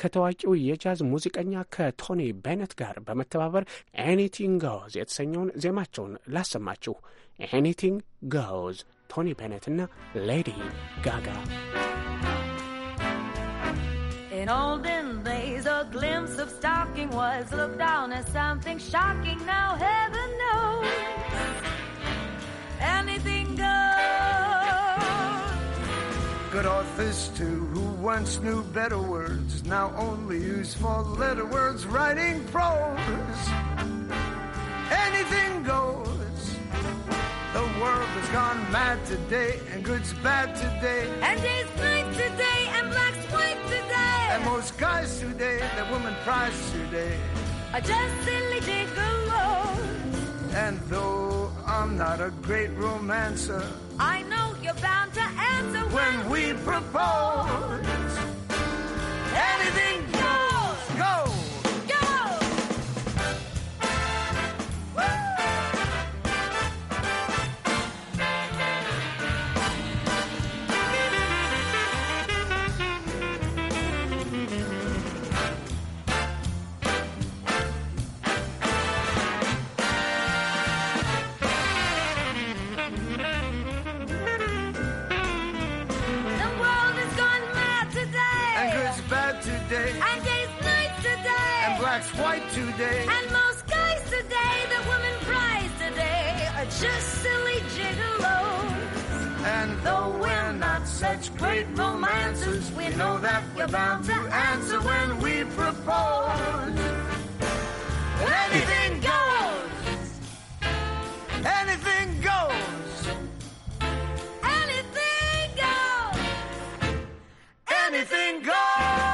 ከታዋቂው የጃዝ ሙዚቀኛ ከቶኒ ቤነት ጋር በመተባበር ኤኒቲንግ ጎዝ የተሰኘውን ዜማቸውን ላሰማችሁ። Anything goes. Tony Bennett, Lady Gaga. In olden days, a glimpse of stocking was looked down as something shocking. Now, heaven knows, anything goes. Good authors, too, who once knew better words, now only use four letter words writing prose. Anything goes world has gone mad today, and good's bad today, and it's black today, and black's white today, and most guys today, the woman prize today, are just silly gigolos. And though I'm not a great romancer, I know you're bound to answer when, when we propose. Anything white today. And most guys today the women prize today are just silly gigolos. And though we're not such great romancers, we know that we're bound to answer when we propose. Anything goes. Anything goes. Anything goes. Anything goes.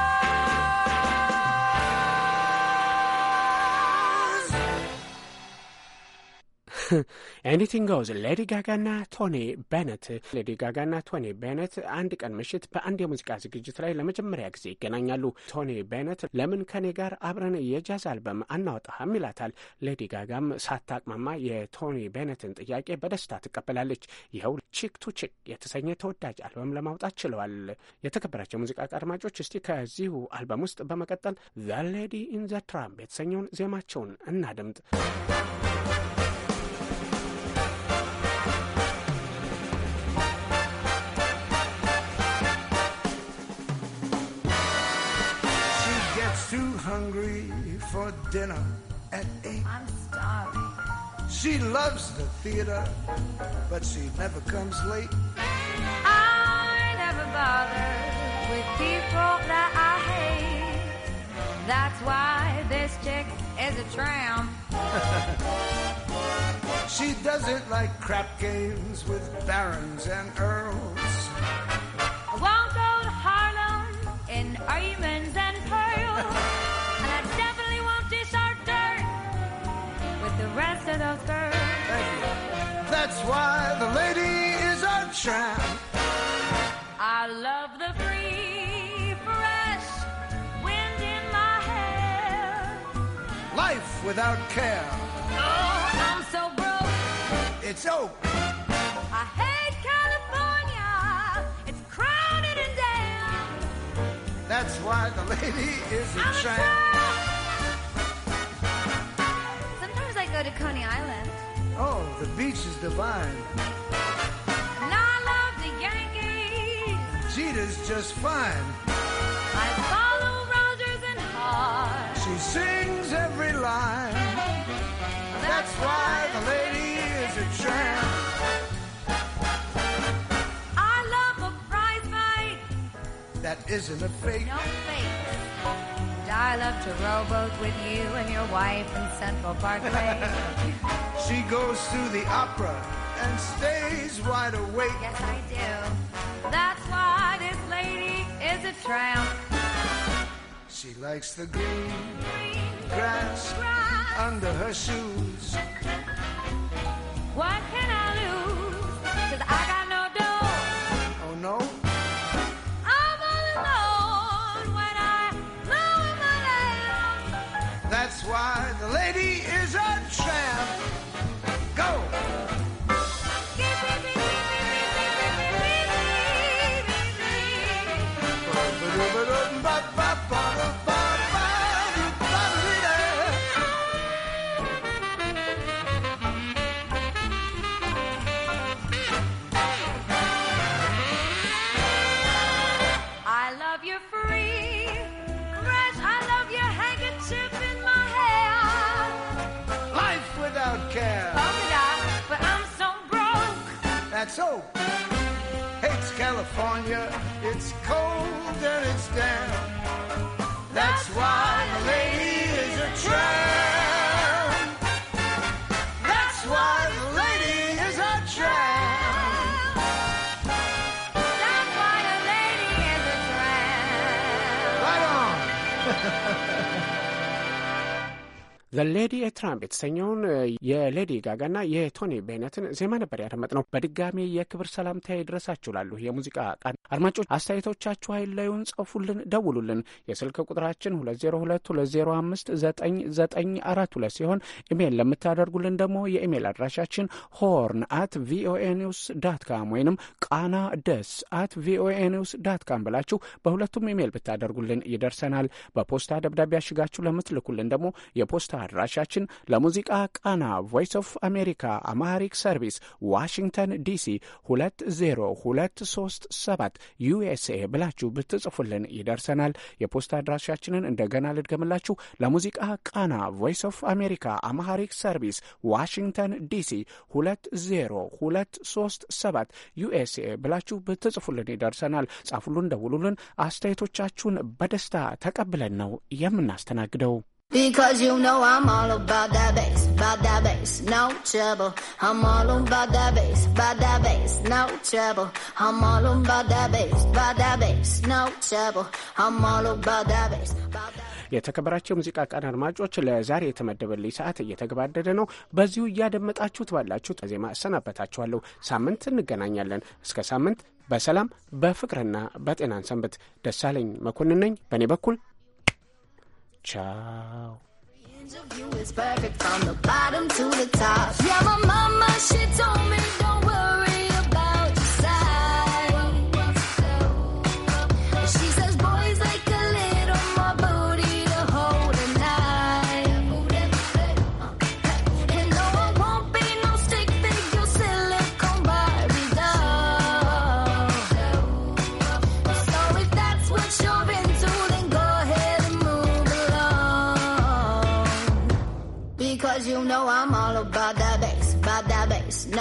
ኤኒቲንግ ጎዝ ሌዲ ጋጋና ቶኒ ቤነት ሌዲ ጋጋና ቶኒ ቤነት አንድ ቀን ምሽት በአንድ የሙዚቃ ዝግጅት ላይ ለመጀመሪያ ጊዜ ይገናኛሉ። ቶኒ ቤነት ለምን ከኔ ጋር አብረን የጃዝ አልበም አናወጣሃም ይላታል። ሌዲ ጋጋም ሳታቅማማ የቶኒ ቤነትን ጥያቄ በደስታ ትቀበላለች። ይኸው ቺክ ቱ ቺክ የተሰኘ ተወዳጅ አልበም ለማውጣት ችለዋል። የተከበራቸው ሙዚቃ አድማጮች፣ እስቲ ከዚሁ አልበም ውስጥ በመቀጠል ዘ ሌዲ ኢን ዘ ትራምፕ የተሰኘውን ዜማቸውን እናድምጥ። hungry for dinner at eight. I'm starving. She loves the theater, but she never comes late. I never bother with people that I hate. That's why this chick is a tramp. she doesn't like crap games with barons and earls. I won't go to Harlem in arguments That's why the lady is a tramp. I love the free, fresh wind in my hair. Life without care. Oh, I'm so broke. It's oak. I hate California. It's crowded and damn. That's why the lady is a I'm tramp. A tramp go to Coney Island. Oh, the beach is divine. And I love the Yankees. Jeter's just fine. I follow Rogers and Hart. She sings every line. That's, That's why the lady is a tramp. I love a prize fight. That isn't a fake. No fake. I love to rowboat with you and your wife in Central Parkway. she goes to the opera and stays wide awake. Yes, I do. That's why this lady is a tramp. She likes the green, green grass, grass, under her shoes. down. That's why the lady is a tramp. ዘ ሌዲ ኤትራምፕ የተሰኘውን የሌዲ ጋጋና የቶኒ ቤነትን ዜማ ነበር ያደመጥነው። በድጋሚ የክብር ሰላምታ ይድረሳችሁ ላሉ የሙዚቃ ቃን አድማጮች አስተያየቶቻችሁ ኃይል ላዩን ጽፉልን፣ ደውሉልን። የስልክ ቁጥራችን 2022059942 ሲሆን ኢሜይል ለምታደርጉልን ደግሞ የኢሜይል አድራሻችን ሆርን አት ቪኦኤ ኒውስ ዳት ካም ወይንም ቃና ደስ አት ቪኦኤ ኒውስ ዳት ካም ብላችሁ በሁለቱም ኢሜይል ብታደርጉልን ይደርሰናል። በፖስታ ደብዳቤ አሽጋችሁ ለምትልኩልን ደግሞ የፖስታ አድራሻችን ለሙዚቃ ቃና ቮይስ ኦፍ አሜሪካ አማሪክ ሰርቪስ ዋሽንግተን ዲሲ 20237 ዩኤስኤ ብላችሁ ብትጽፉልን ይደርሰናል። የፖስታ አድራሻችንን እንደገና ልድገምላችሁ። ለሙዚቃ ቃና ቮይስ ኦፍ አሜሪካ አማሪክ ሰርቪስ ዋሽንግተን ዲሲ 20237 ዩኤስኤ ብላችሁ ብትጽፉልን ይደርሰናል። ጻፉልን፣ ደውሉልን። አስተያየቶቻችሁን በደስታ ተቀብለን ነው የምናስተናግደው። Because you know I'm all about that bass, about that bass, no trouble. I'm all about that bass, about that bass, no trouble. I'm all about that bass, about that bass, no trouble. I'm all about that bass, about that የተከበራቸው የሙዚቃ ቀን አድማጮች ለዛሬ የተመደበልኝ ሰዓት እየተገባደደ ነው። በዚሁ እያደመጣችሁት ባላችሁ ዜማ እሰናበታችኋለሁ። ሳምንት እንገናኛለን። እስከ ሳምንት በሰላም በፍቅርና በጤናን ሰንበት። ደሳለኝ መኮንን ነኝ በእኔ በኩል Ciao. perfect from the bottom to the top. Yeah, my mama, she told me, don't worry.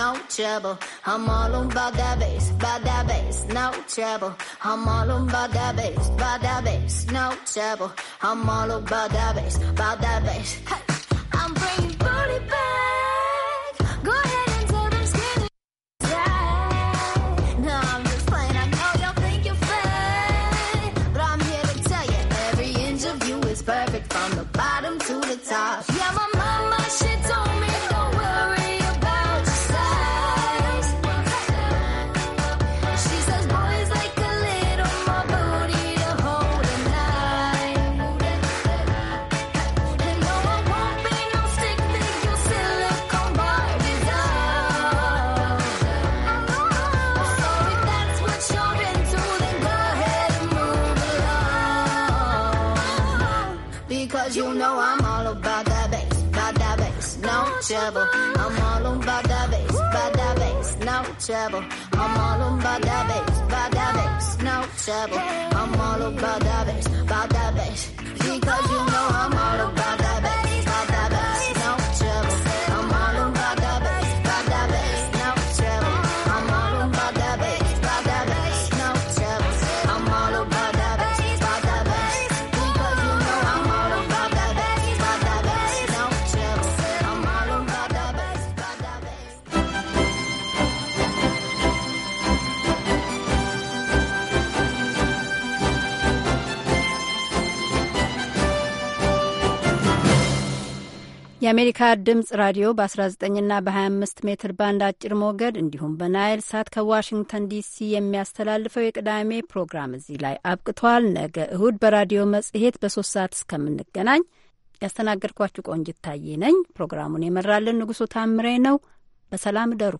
no trouble. I'm all on by that bass, by that bass, no trouble. I'm all on by that bass, by that bass, no trouble. I'm all on by that bass, by that bass. Hey. trouble. የአሜሪካ ድምጽ ራዲዮ በ19ና በ25 ሜትር ባንድ አጭር ሞገድ እንዲሁም በናይል ሳት ከዋሽንግተን ዲሲ የሚያስተላልፈው የቅዳሜ ፕሮግራም እዚህ ላይ አብቅቷል። ነገ እሁድ በራዲዮ መጽሔት በሶስት ሰዓት እስከምንገናኝ ያስተናገድኳችሁ ቆንጅት ታዬ ነኝ። ፕሮግራሙን የመራልን ንጉሱ ታምሬ ነው። በሰላም ደሩ።